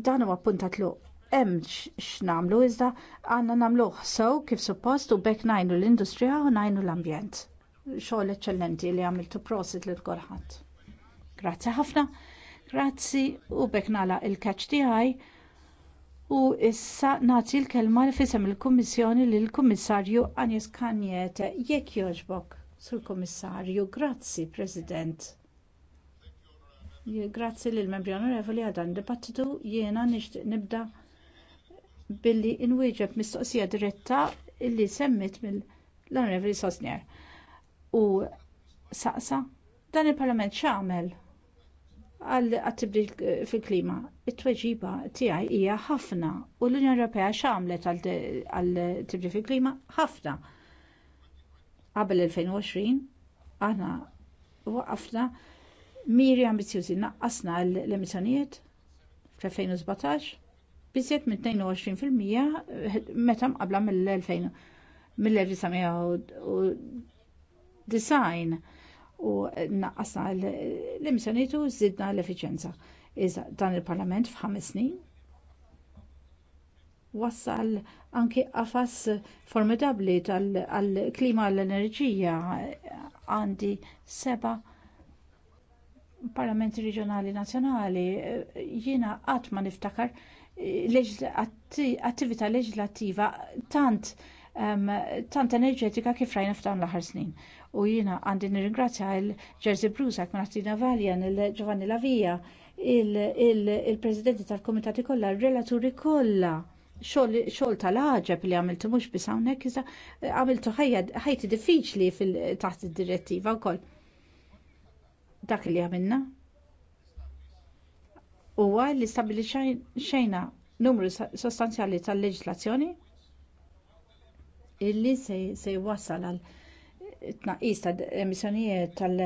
dan huwa puntat tluq hemm x'namlu iżda għandna nagħmluh sew kif suppost u bekk ngħinu l-industrija u ngħinu l-ambjent. Xogħol eċċellenti li għamiltu prosit lil kulħadd. Grazzi ħafna. Grazzi u bekk nagħlaq il-catch tiegħi u issa nagħti l-kelma li fisem il-Kummissjoni lill kummissarju Anjes Kanjete jekk jogħġbok, Sur Kummissarju. Grazzi, President. Grazzi lill membri onorevoli għadan dibattitu jiena nixtieq nibda billi inwieġeb mistoqsija diretta illi semmit mill-Onorevoli Sosnier. U saqsa dan il-Parlament x'għamel għal għattibdil fil-klima. It-tweġiba tiegħi hija ħafna u l-Unjoni Ewropea x'għamlet għal tibdi fil-klima ħafna. Qabel 2020 aħna waqafna miri ambizjużi naqqasna l-emissjonijiet fl-2017 biżjed minn-22% meta mqabbla mill-2000 mill-1990 u naqqasna l-emissjonijiet u żidna l-effiċjenza. Iżda dan il-Parlament f'ħames snin wassal anki qafas formidabbli tal-klima l-enerġija għandi seba' parlamenti reġjonali nazzjonali jiena qatt ma niftakar attività leġislattiva tant um, tant enerġetika kif rajna f'dawn l-aħħar snin. U jiena għandi nirringrazzja il-Jerzy Brusak, Martina Valjan, il-Giovanni Lavija, il-Presidenti tal-Komitati kollha, il-Relaturi kollha xogħol tal ħagġab li għamiltu mhux biss hawnhekk iżda eh, għamiltu ħajti diffiċli fil taħt id-direttiva wkoll. Dak li għamilna huwa li stabbilixxejna numru sostanzjali tal leġislazzjoni illi se jwassal għal tnaqqis ta' emissjonijiet tal-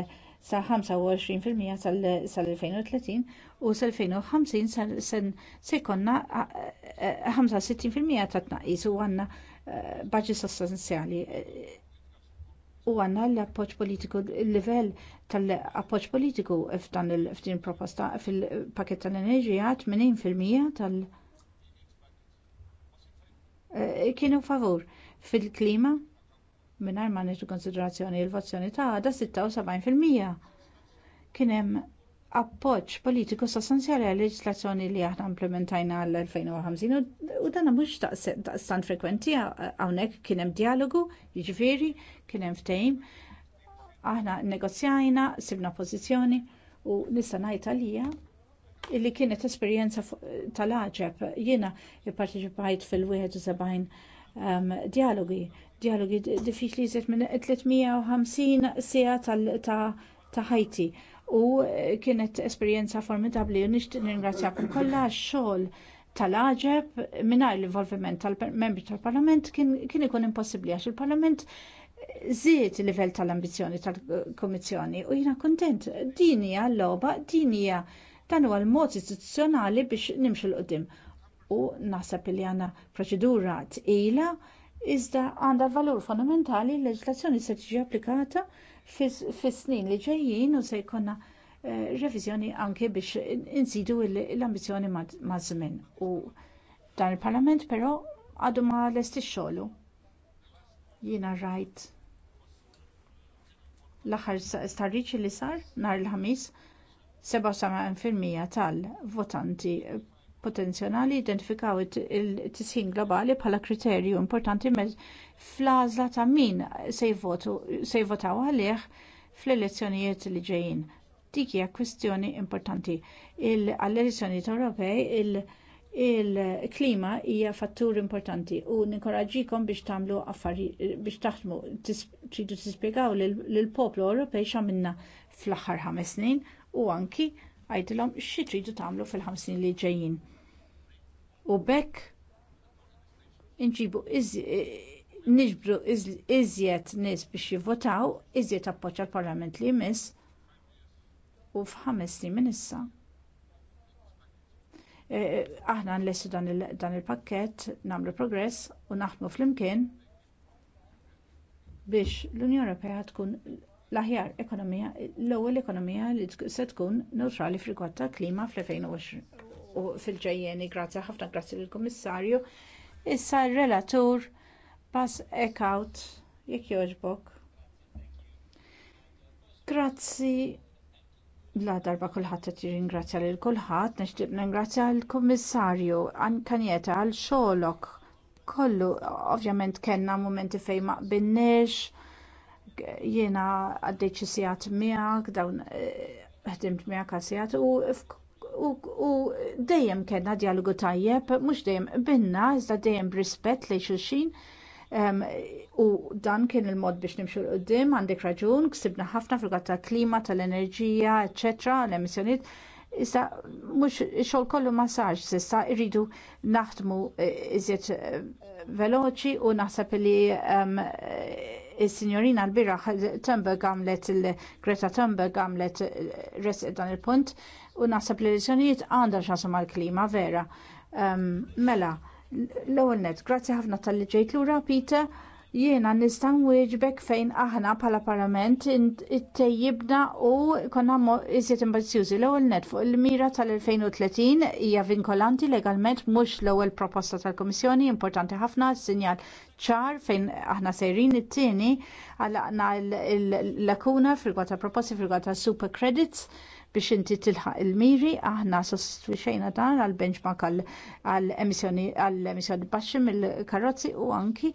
sa 25% sal-2030 u sal-2050 se jkollna 65% ta' tnaqis u għandna eh, baġi sostanzjali u għanna l-appoċ politiku, l level tal-appoċ politiku f'dan il-ftin proposta fil paket tal-enerġija 80% tal- eh, kienu favur fil-klima minn ma konsiderazzjoni il-vozzjoni ta' għada 76% kienem appoġġ politiku sostanzjali għal leġislazzjoni li aħna implementajna għall-2050 u dan mhux stan frekwenti hawnhekk kien hemm dialogu, jiġifieri kien hemm ftehim. Aħna nnegozjajna, sibna pożizzjoni u nista' ngħid għalija illi kienet esperjenza tal-aġeb. Jiena pparteċipajt fil-71 um, dialogi, dialogi diffiċli jżid minn 350 sija tal-ta' ta' ħajti. Ta u eh, kienet esperjenza formidabli u nixtieq ningrazzjakom kollha għax-xogħol tal-aġeb mingħajr l-involviment tal-membri tal-Parlament kien ikun impossibbli għax il-Parlament żied il-livell tal-ambizzjoni tal-Kummissjoni u jiena kuntent din hija l-logħba din hija dan huwa l-mod istituzzjonali biex nimxu l-qudiem u naħseb li għandna proċedura tqila iżda għandha valur fondamentali l-leġislazzjoni se tiġi applikata fis-snin li ġejjin u se jkollna eh, reviżjoni anke biex insidu l-ambizzjoni ma' żmien. U dan il-Parlament però għadu ma l ix-xogħlu. Jiena rajt l-aħħar starriċi li sar nhar il-ħamis 77% tal-votanti potenzjonali identifikaw it-tisħin globali bħala kriterju importanti fl-għażla ta' min se jivvotaw għalih fl-elezzjonijiet li ġejjin. Dik hija kwistjoni importanti. Għall-elezzjonijiet Ewropej il-klima hija fattur importanti u ninkoraġġikom biex tagħmlu affarijiet biex taħdmu tridu tispjegaw lill-poplu Ewropej x'għamilna fl-aħħar ħames snin u anki għajdilhom xi tridu tagħmlu fil-ħamsin li ġejjin u bekk inġibu niġbru iżjed nies biex jivvotaw, iżjed appoġġa l-Parlament li jmiss u f'ħames snin minn issa. E, e, aħna nlessu dan il-pakkett, nagħmlu progress u naħdmu flimkien biex l-Unjoni Ewropea tkun l-aħjar ekonomija, l-ewwel ekonomija li se tkun neutrali fil-kwatta klima fl-2020 u fil-ġejjeni. Grazzi ħafna, grazzi lill-Kummissarju. Issa r-relatur pass ekaut jekk jogħġbok. Grazzi bla darba kulħadd qed jirringrazzja lil kulħadd, nixtieq ningrazzja l-Kummissarju Kanjeta għal xogħolok kollu ovvjament kellna mumenti fejn ma qbilniex, jiena għaddejt xi sigħat miegħek dawn eh, ħdimt miegħek għal sigħat u u dejjem kellna dialogu tajjeb, mhux dejjem binna, iżda dejjem b'rispett li xulxin. Um, u dan kien il-mod biex nimxu l-qoddim, għandek raġun, ksibna ħafna fil ta' klima, tal-enerġija, eccetera, l-emissjoniet. Issa, mux xol kollu massaġ, sissa irridu naħdmu eh, iżjed eh, veloċi u naħseb li um, il-signorina l-biraħ Thunberg għamlet il-Greta Thunberg għamlet resq dan il-punt u nasab li l-elezzjonijiet għandha xasu mal-klima vera. Ehm, mela, l-ewwel net, grazzi ħafna tal-li ġejt lura Peter jiena nista' nwieġbek fejn aħna bħala parlament ittejjibna u konna iżjed imbazzjużi l-ewwel net fuq il-mira tal-2030 hija vinkolanti legalment mhux l-ewwel proposta tal-Kummissjoni importanti ħafna sinjal ċar fejn aħna sejrin it-tieni għalaqna l-lakuna fil ta' proposti fil ta' super credits biex inti tilħaq il-miri, aħna sostwixejna dan għal-benchmark għal-emissjoni baxxi mill-karozzi u anki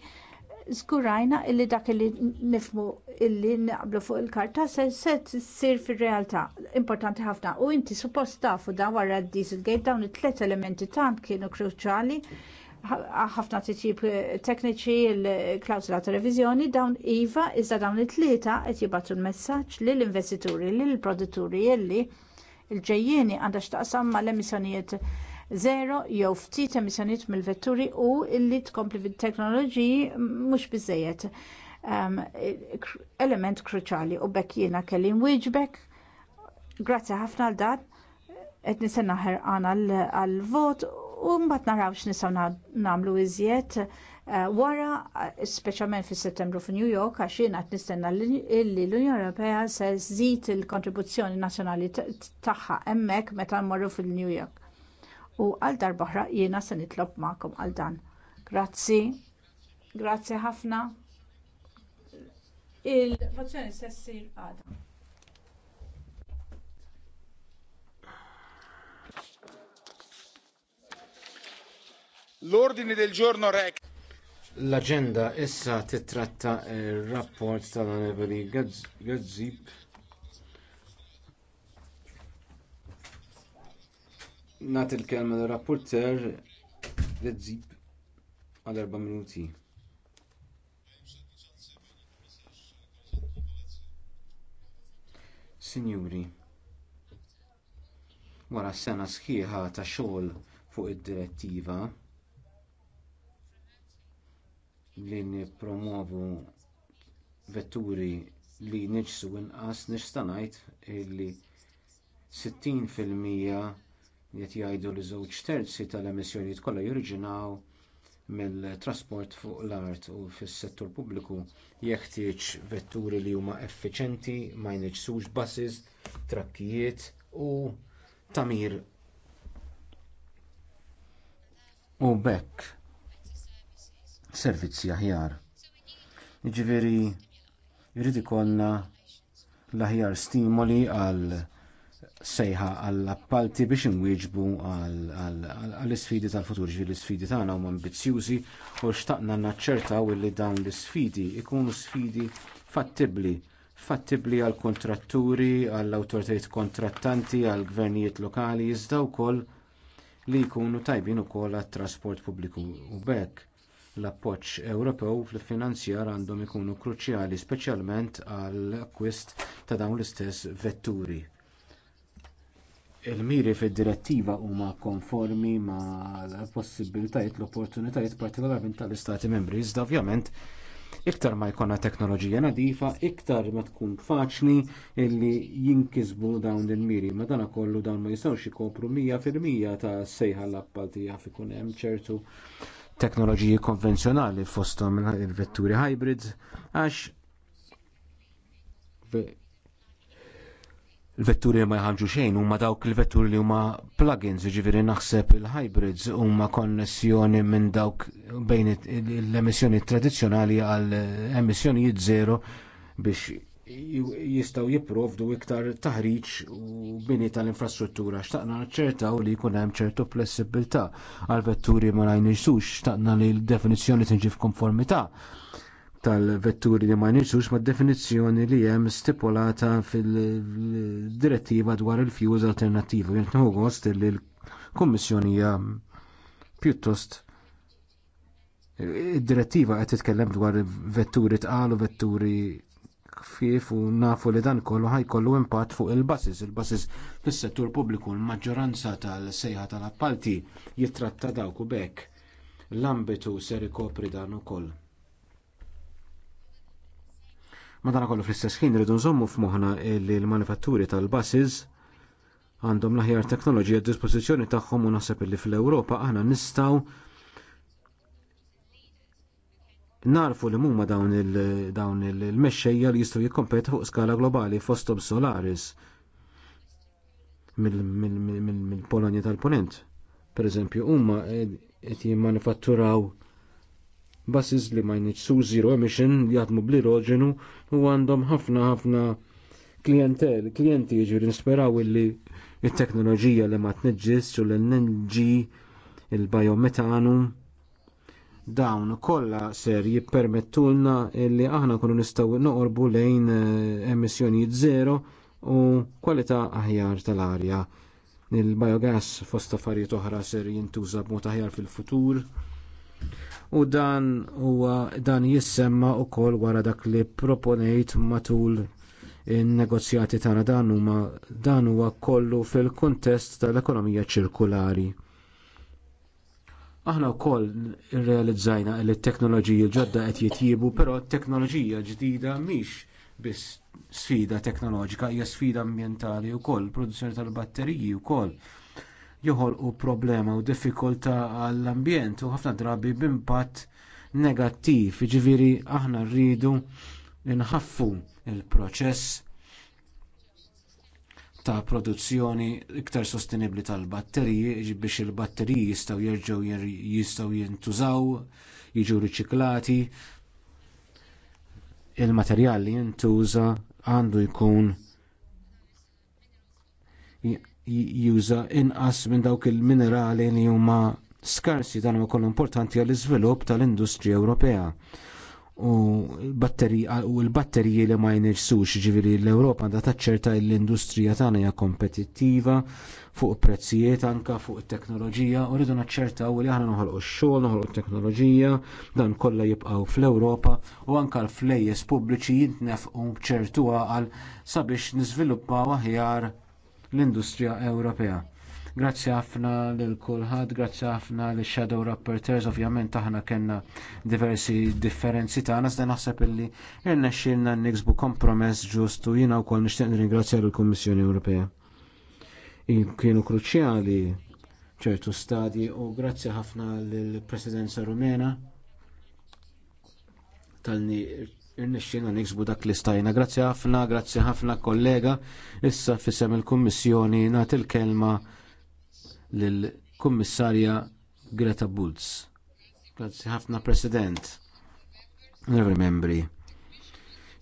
żgurajna illi dak li nifmu illi naqblu fuq il-karta se se tsir fir-realtà importanti ħafna u inti suppost tafu da wara d-Dieselgate dawn it-tliet elementi tant kienu kruċjali ħafna t-tip tekniċi l klausula ta' reviżjoni dawn iva iżda dawn it-tlieta qed jibgħatu l-messaġġ lill investituri lill produtturi illi l ġejjieni għandha x'taqsam mal-emissjonijiet zero jew ftit emissjonijiet mill-vetturi u illi tkompli bit-teknoloġiji mhux biżejjed um, element kruċali u bekk jiena kelli nwieġbek. Grazzi ħafna għal dan qed nistenna ħerqan għal-vot u mbagħad naraw x'nistgħu nagħmlu iżjed uh, wara speċjalment fis settembru fi New York għax jien qed nistenna li l-Unjoni Ewropea se żżid il-kontribuzzjoni nazzjonali tagħha hemmhekk meta mmorru fil-New York u għal darbohra jiena se nitlob magħkom għal dan. Grazzi, grazzi ħafna. il vozzjoni se ssir għadha. L-ordini del giorno rec. L-agenda issa titratta eh, il-rapport tal-Onorevoli Gazzib Nat il-kelma l-rapporter Redzib għal erba minuti. Signori, wara sena sħiħa ta' xogħol fuq id-direttiva li nipromovu vetturi li niġsu inqas nista' ngħid li 60 fil-mija jiet jgħidu li żewġ terzi tal-emissjonijiet kollha joriginaw mill-trasport fuq l-art u fis-settur pubbliku jeħtieġ vetturi li huma effiċjenti, ma jniġsux buses, trakkijiet u tamir. U bekk servizzi aħjar. Jiġifieri jrid ikollna l-aħjar stimoli għal sejħa għall-appalti biex inwieġbu għall-isfidi tal-futur, ġifieri l-isfidi tagħna huma ambizzjużi u xtaqna naċċertaw li dawn l-isfidi ikunu sfidi fattibbli fattibbli għall kontratturi, għall awtoritajiet kontrattanti, għall gvernijiet lokali, iżda wkoll li jkunu tajbin ukoll għat-trasport pubbliku u bekk. L-appoġġ Ewropew fil-finanzjar għandhom ikunu kruċjali speċjalment għall-akkwist ta' dawn l-istess vetturi il-miri fid-direttiva huma konformi ma' l-possibilitajiet l-opportunitajiet partikolarment tal-istati membri. Iżda ovvjament iktar ma jkollna teknoloġija nadifa, iktar ma tkun faċli illi jinkisbu dawn il-miri. Madana kollu dawn ma jistgħux ikopru 100% ta' sejħa l-appaltija fi kun hemm ċertu teknoloġiji konvenzjonali fosthom il-vetturi hybrids għax il-vetturi li ma jħarġu xejn huma dawk il-vetturi li huma plugins, jiġifieri naħseb il-hybrids huma konnessjoni minn dawk bejn l-emissjoni tradizzjonali għal emissjonijiet zero biex jistgħu jipprovdu iktar taħriġ u bini tal-infrastruttura. Xtaqna ċertaw li jkun hemm ċertu flessibilità għal vetturi ma ngħinixux, xtaqna li l-definizzjoni tinġi f'konformità tal-vetturi li ma jniġux mad definizzjoni li hemm stipulata fil-direttiva dwar il-fjuż alternattivi. Jent gost li l-Kummissjoni hija pjuttost id-direttiva qed titkellem dwar vetturi tqal u vetturi ħfief u nafu li dan kollu ħajkollu impatt fuq il-basis. Il-basis fis-settur pubbliku l-maġġoranza tal-sejħa tal-appalti jittratta dawk u bekk l-ambitu ser ikopri dan ukoll Madanakollu fl-istess ħin rridu nżommu f'moħħna li l-manifatturi tal-buses għandhom l-aħjar teknoloġija d-dispożizzjoni tagħhom u naħseb li fl-Ewropa aħna nistgħu narfu li mumma dawn il-mexxejja li jistgħu jikkompetu fuq skala globali fosthom Solaris mill-Polonja tal-Ponent. Per eżempju, huma qed jimmanifatturaw basis li ma jnitsu zero emission li jadmu bl-iroġenu u għandhom ħafna ħafna klientel, klienti ġiri nisperaw li il-teknoloġija li ma tneġġis u l-NNG il-biometanu dawn kollha ser jippermettulna li aħna kunu nistgħu noqorbu lejn eh, emissjonijiet zero u kwalità aħjar tal-arja. Il-biogas fost affarijiet oħra ser jintuża b'mod aħjar fil-futur u dan huwa dan jissemma wkoll wara dak li proponejt matul in-negozjati tagħna dan huma dan huwa kollu fil-kuntest tal-ekonomija ċirkulari. Aħna wkoll irrealizzajna li t-teknoloġiji ġodda qed jitjiebu, però t-teknoloġija ġdida mhix biss sfida teknoloġika, hija sfida ambjentali wkoll, produzzjoni tal-batteriji wkoll joħolqu problema u diffikultà għall-ambjent u ħafna drabi b'impatt negattiv. Jiġifieri aħna rridu nħaffu l proċess ta' produzzjoni iktar sostenibbli tal-batteriji biex il-batteriji jistgħu jerġgħu jistgħu jintużaw, jiġu riċiklati. Il-materjal li jintuża għandu jkun juża inqas minn dawk il-minerali li huma skarsi dan huwa kollu importanti għall iżvilupp tal-industrija Ewropea. U l-batteriji li ma jnirsux ġifieri l-Ewropa da taċċerta l-industrija tagħna hija kompetittiva fuq prezzijiet anka fuq it-teknoloġija u rridu naċċertaw li aħna noħolqu x-xogħol, noħolqu t-teknoloġija, dan kollha jibqgħu fl-Ewropa u anke l-flejjes pubbliċi jintnefqu b'ċertu għal sabiex niżviluppaw aħjar l-industrija Ewropea. Grazzi ħafna lil kulħadd, grazzi ħafna lil shadow rapporteurs, ovvjament aħna kellna diversi differenzi tagħna iżda naħseb illi irnexxielna niksbu kompromess u jiena wkoll nixtieq nirringrazzja lill-Kummissjoni Ewropea. Kienu kruċjali ċertu stadji u grazzi ħafna lill-Presidenza Rumena tal-ni Irnexxina niksbu dak li stajna. Grazzi ħafna, grazzi ħafna kollega. Issa fisem il-Kummissjoni nagħti il-kelma lill-Kummissarja Greta Bulz. Grazzi ħafna President. Never membri.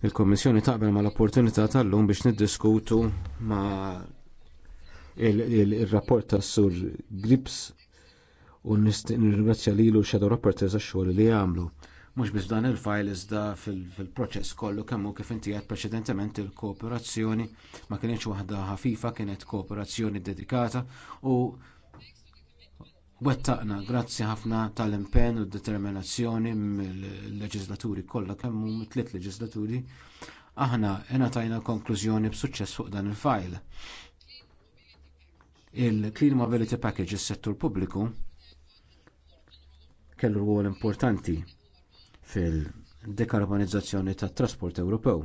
Il-Kommissjoni taqbel ma l-opportunità tal-lum biex niddiskutu ma il-rapport tas sur Grips u nirringrazzja lilu xadu rapport għax-xogħol li għamlu mhux biss dan il-fajl iżda fil-proċess kollu kemm hu kif inti preċedentement il-kooperazzjoni ma kienx waħda ħafifa kienet kooperazzjoni dedikata u wettaqna grazzi ħafna tal-impenn u d determinazzjoni mill-leġislaturi kollha kemm hu tliet leġislaturi aħna ngħatajna konklużjoni b'suċċess fuq dan il-fajl. Il-Clean Mobility Package is-settur pubbliku kellu rwol importanti fil-dekarbonizzazzjoni tat-trasport Ewropew.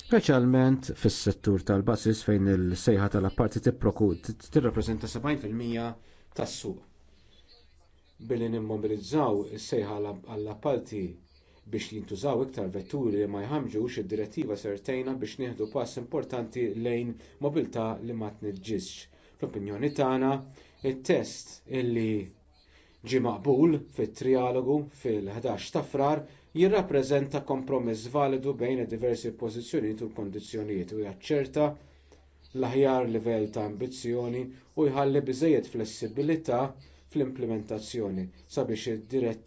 Speċjalment fis-settur tal-basis fejn il-sejħa tal-apparti tirrappreżenta 70% tas-suq. Billi nimmobilizzaw is-sejħa għall-apparti biex jintużaw iktar vetturi li ma jħamġux id-direttiva sertejna biex nieħdu pass importanti lejn mobilità li ma tniġġisx. Fl-opinjoni tagħna, it-test illi ġie maqbul fit-trialogu fil-11 ta' frar jirrappreżenta kompromess validu bejn id-diversi pożizzjonijiet u l-kundizzjonijiet u jaċċerta l-aħjar livell ta' ambizzjoni u jħalli biżżejjed flessibilità fl-implementazzjoni sabiex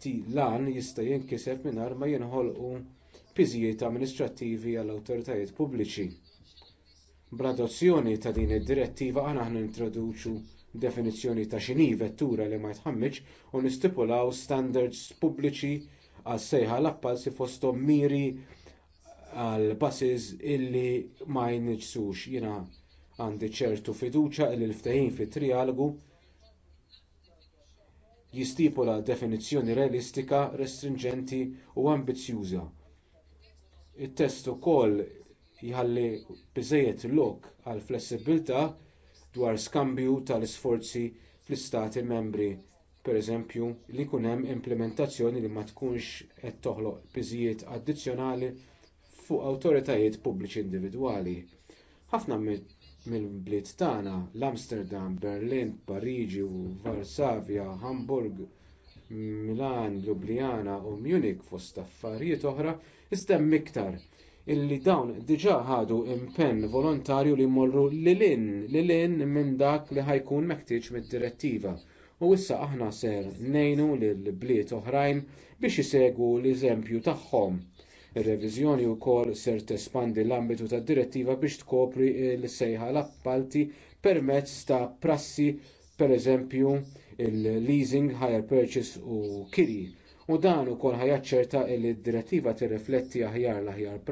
id-lan jista' jinkiseb mingħajr ma jinħolqu piżijiet amministrattivi għall awtoritajiet pubbliċi. Bl-adozzjoni ta' din id-direttiva aħna nintroduċu definizzjoni ta' xini vettura li ma jitħammiġ u nistipulaw standards pubbliċi għal sejħa l si fosthom miri għal buses illi ma jniġsux jiena għandi ċertu fiduċja li l-ftehim fit trialogu jistipula definizzjoni realistika, restringenti u ambizzjuża. it test ukoll jħalli biżżejjed lok għal flessibilità dwar skambju tal-isforzi fl-istati membri pereżempju li jkun hemm implementazzjoni li ma tkunx qed toħloq piżijiet addizzjonali fuq awtoritajiet pubbliċi individwali ħafna mill-bliet tagħna l-amsterdam berlin pariġi varsavja hamburg milan ljubljana u munich fost affarijiet oħra istemmi iktar illi dawn diġà ħadu impenn volontarju li jmorru lil hinn lil minn dak li ħajkun meħtieġ mid-direttiva u issa aħna ser ngħinu lil bliet oħrajn biex isegwu l-eżempju tagħhom. Ir-reviżjoni wkoll ser tespandi l-ambitu tad-direttiva biex tkopri l-sejħa l-appalti permezz ta' prassi pereżempju l leasing hire purchase u kiri u dan ukoll kol li d-direttiva tirrifletti aħjar l-aħjar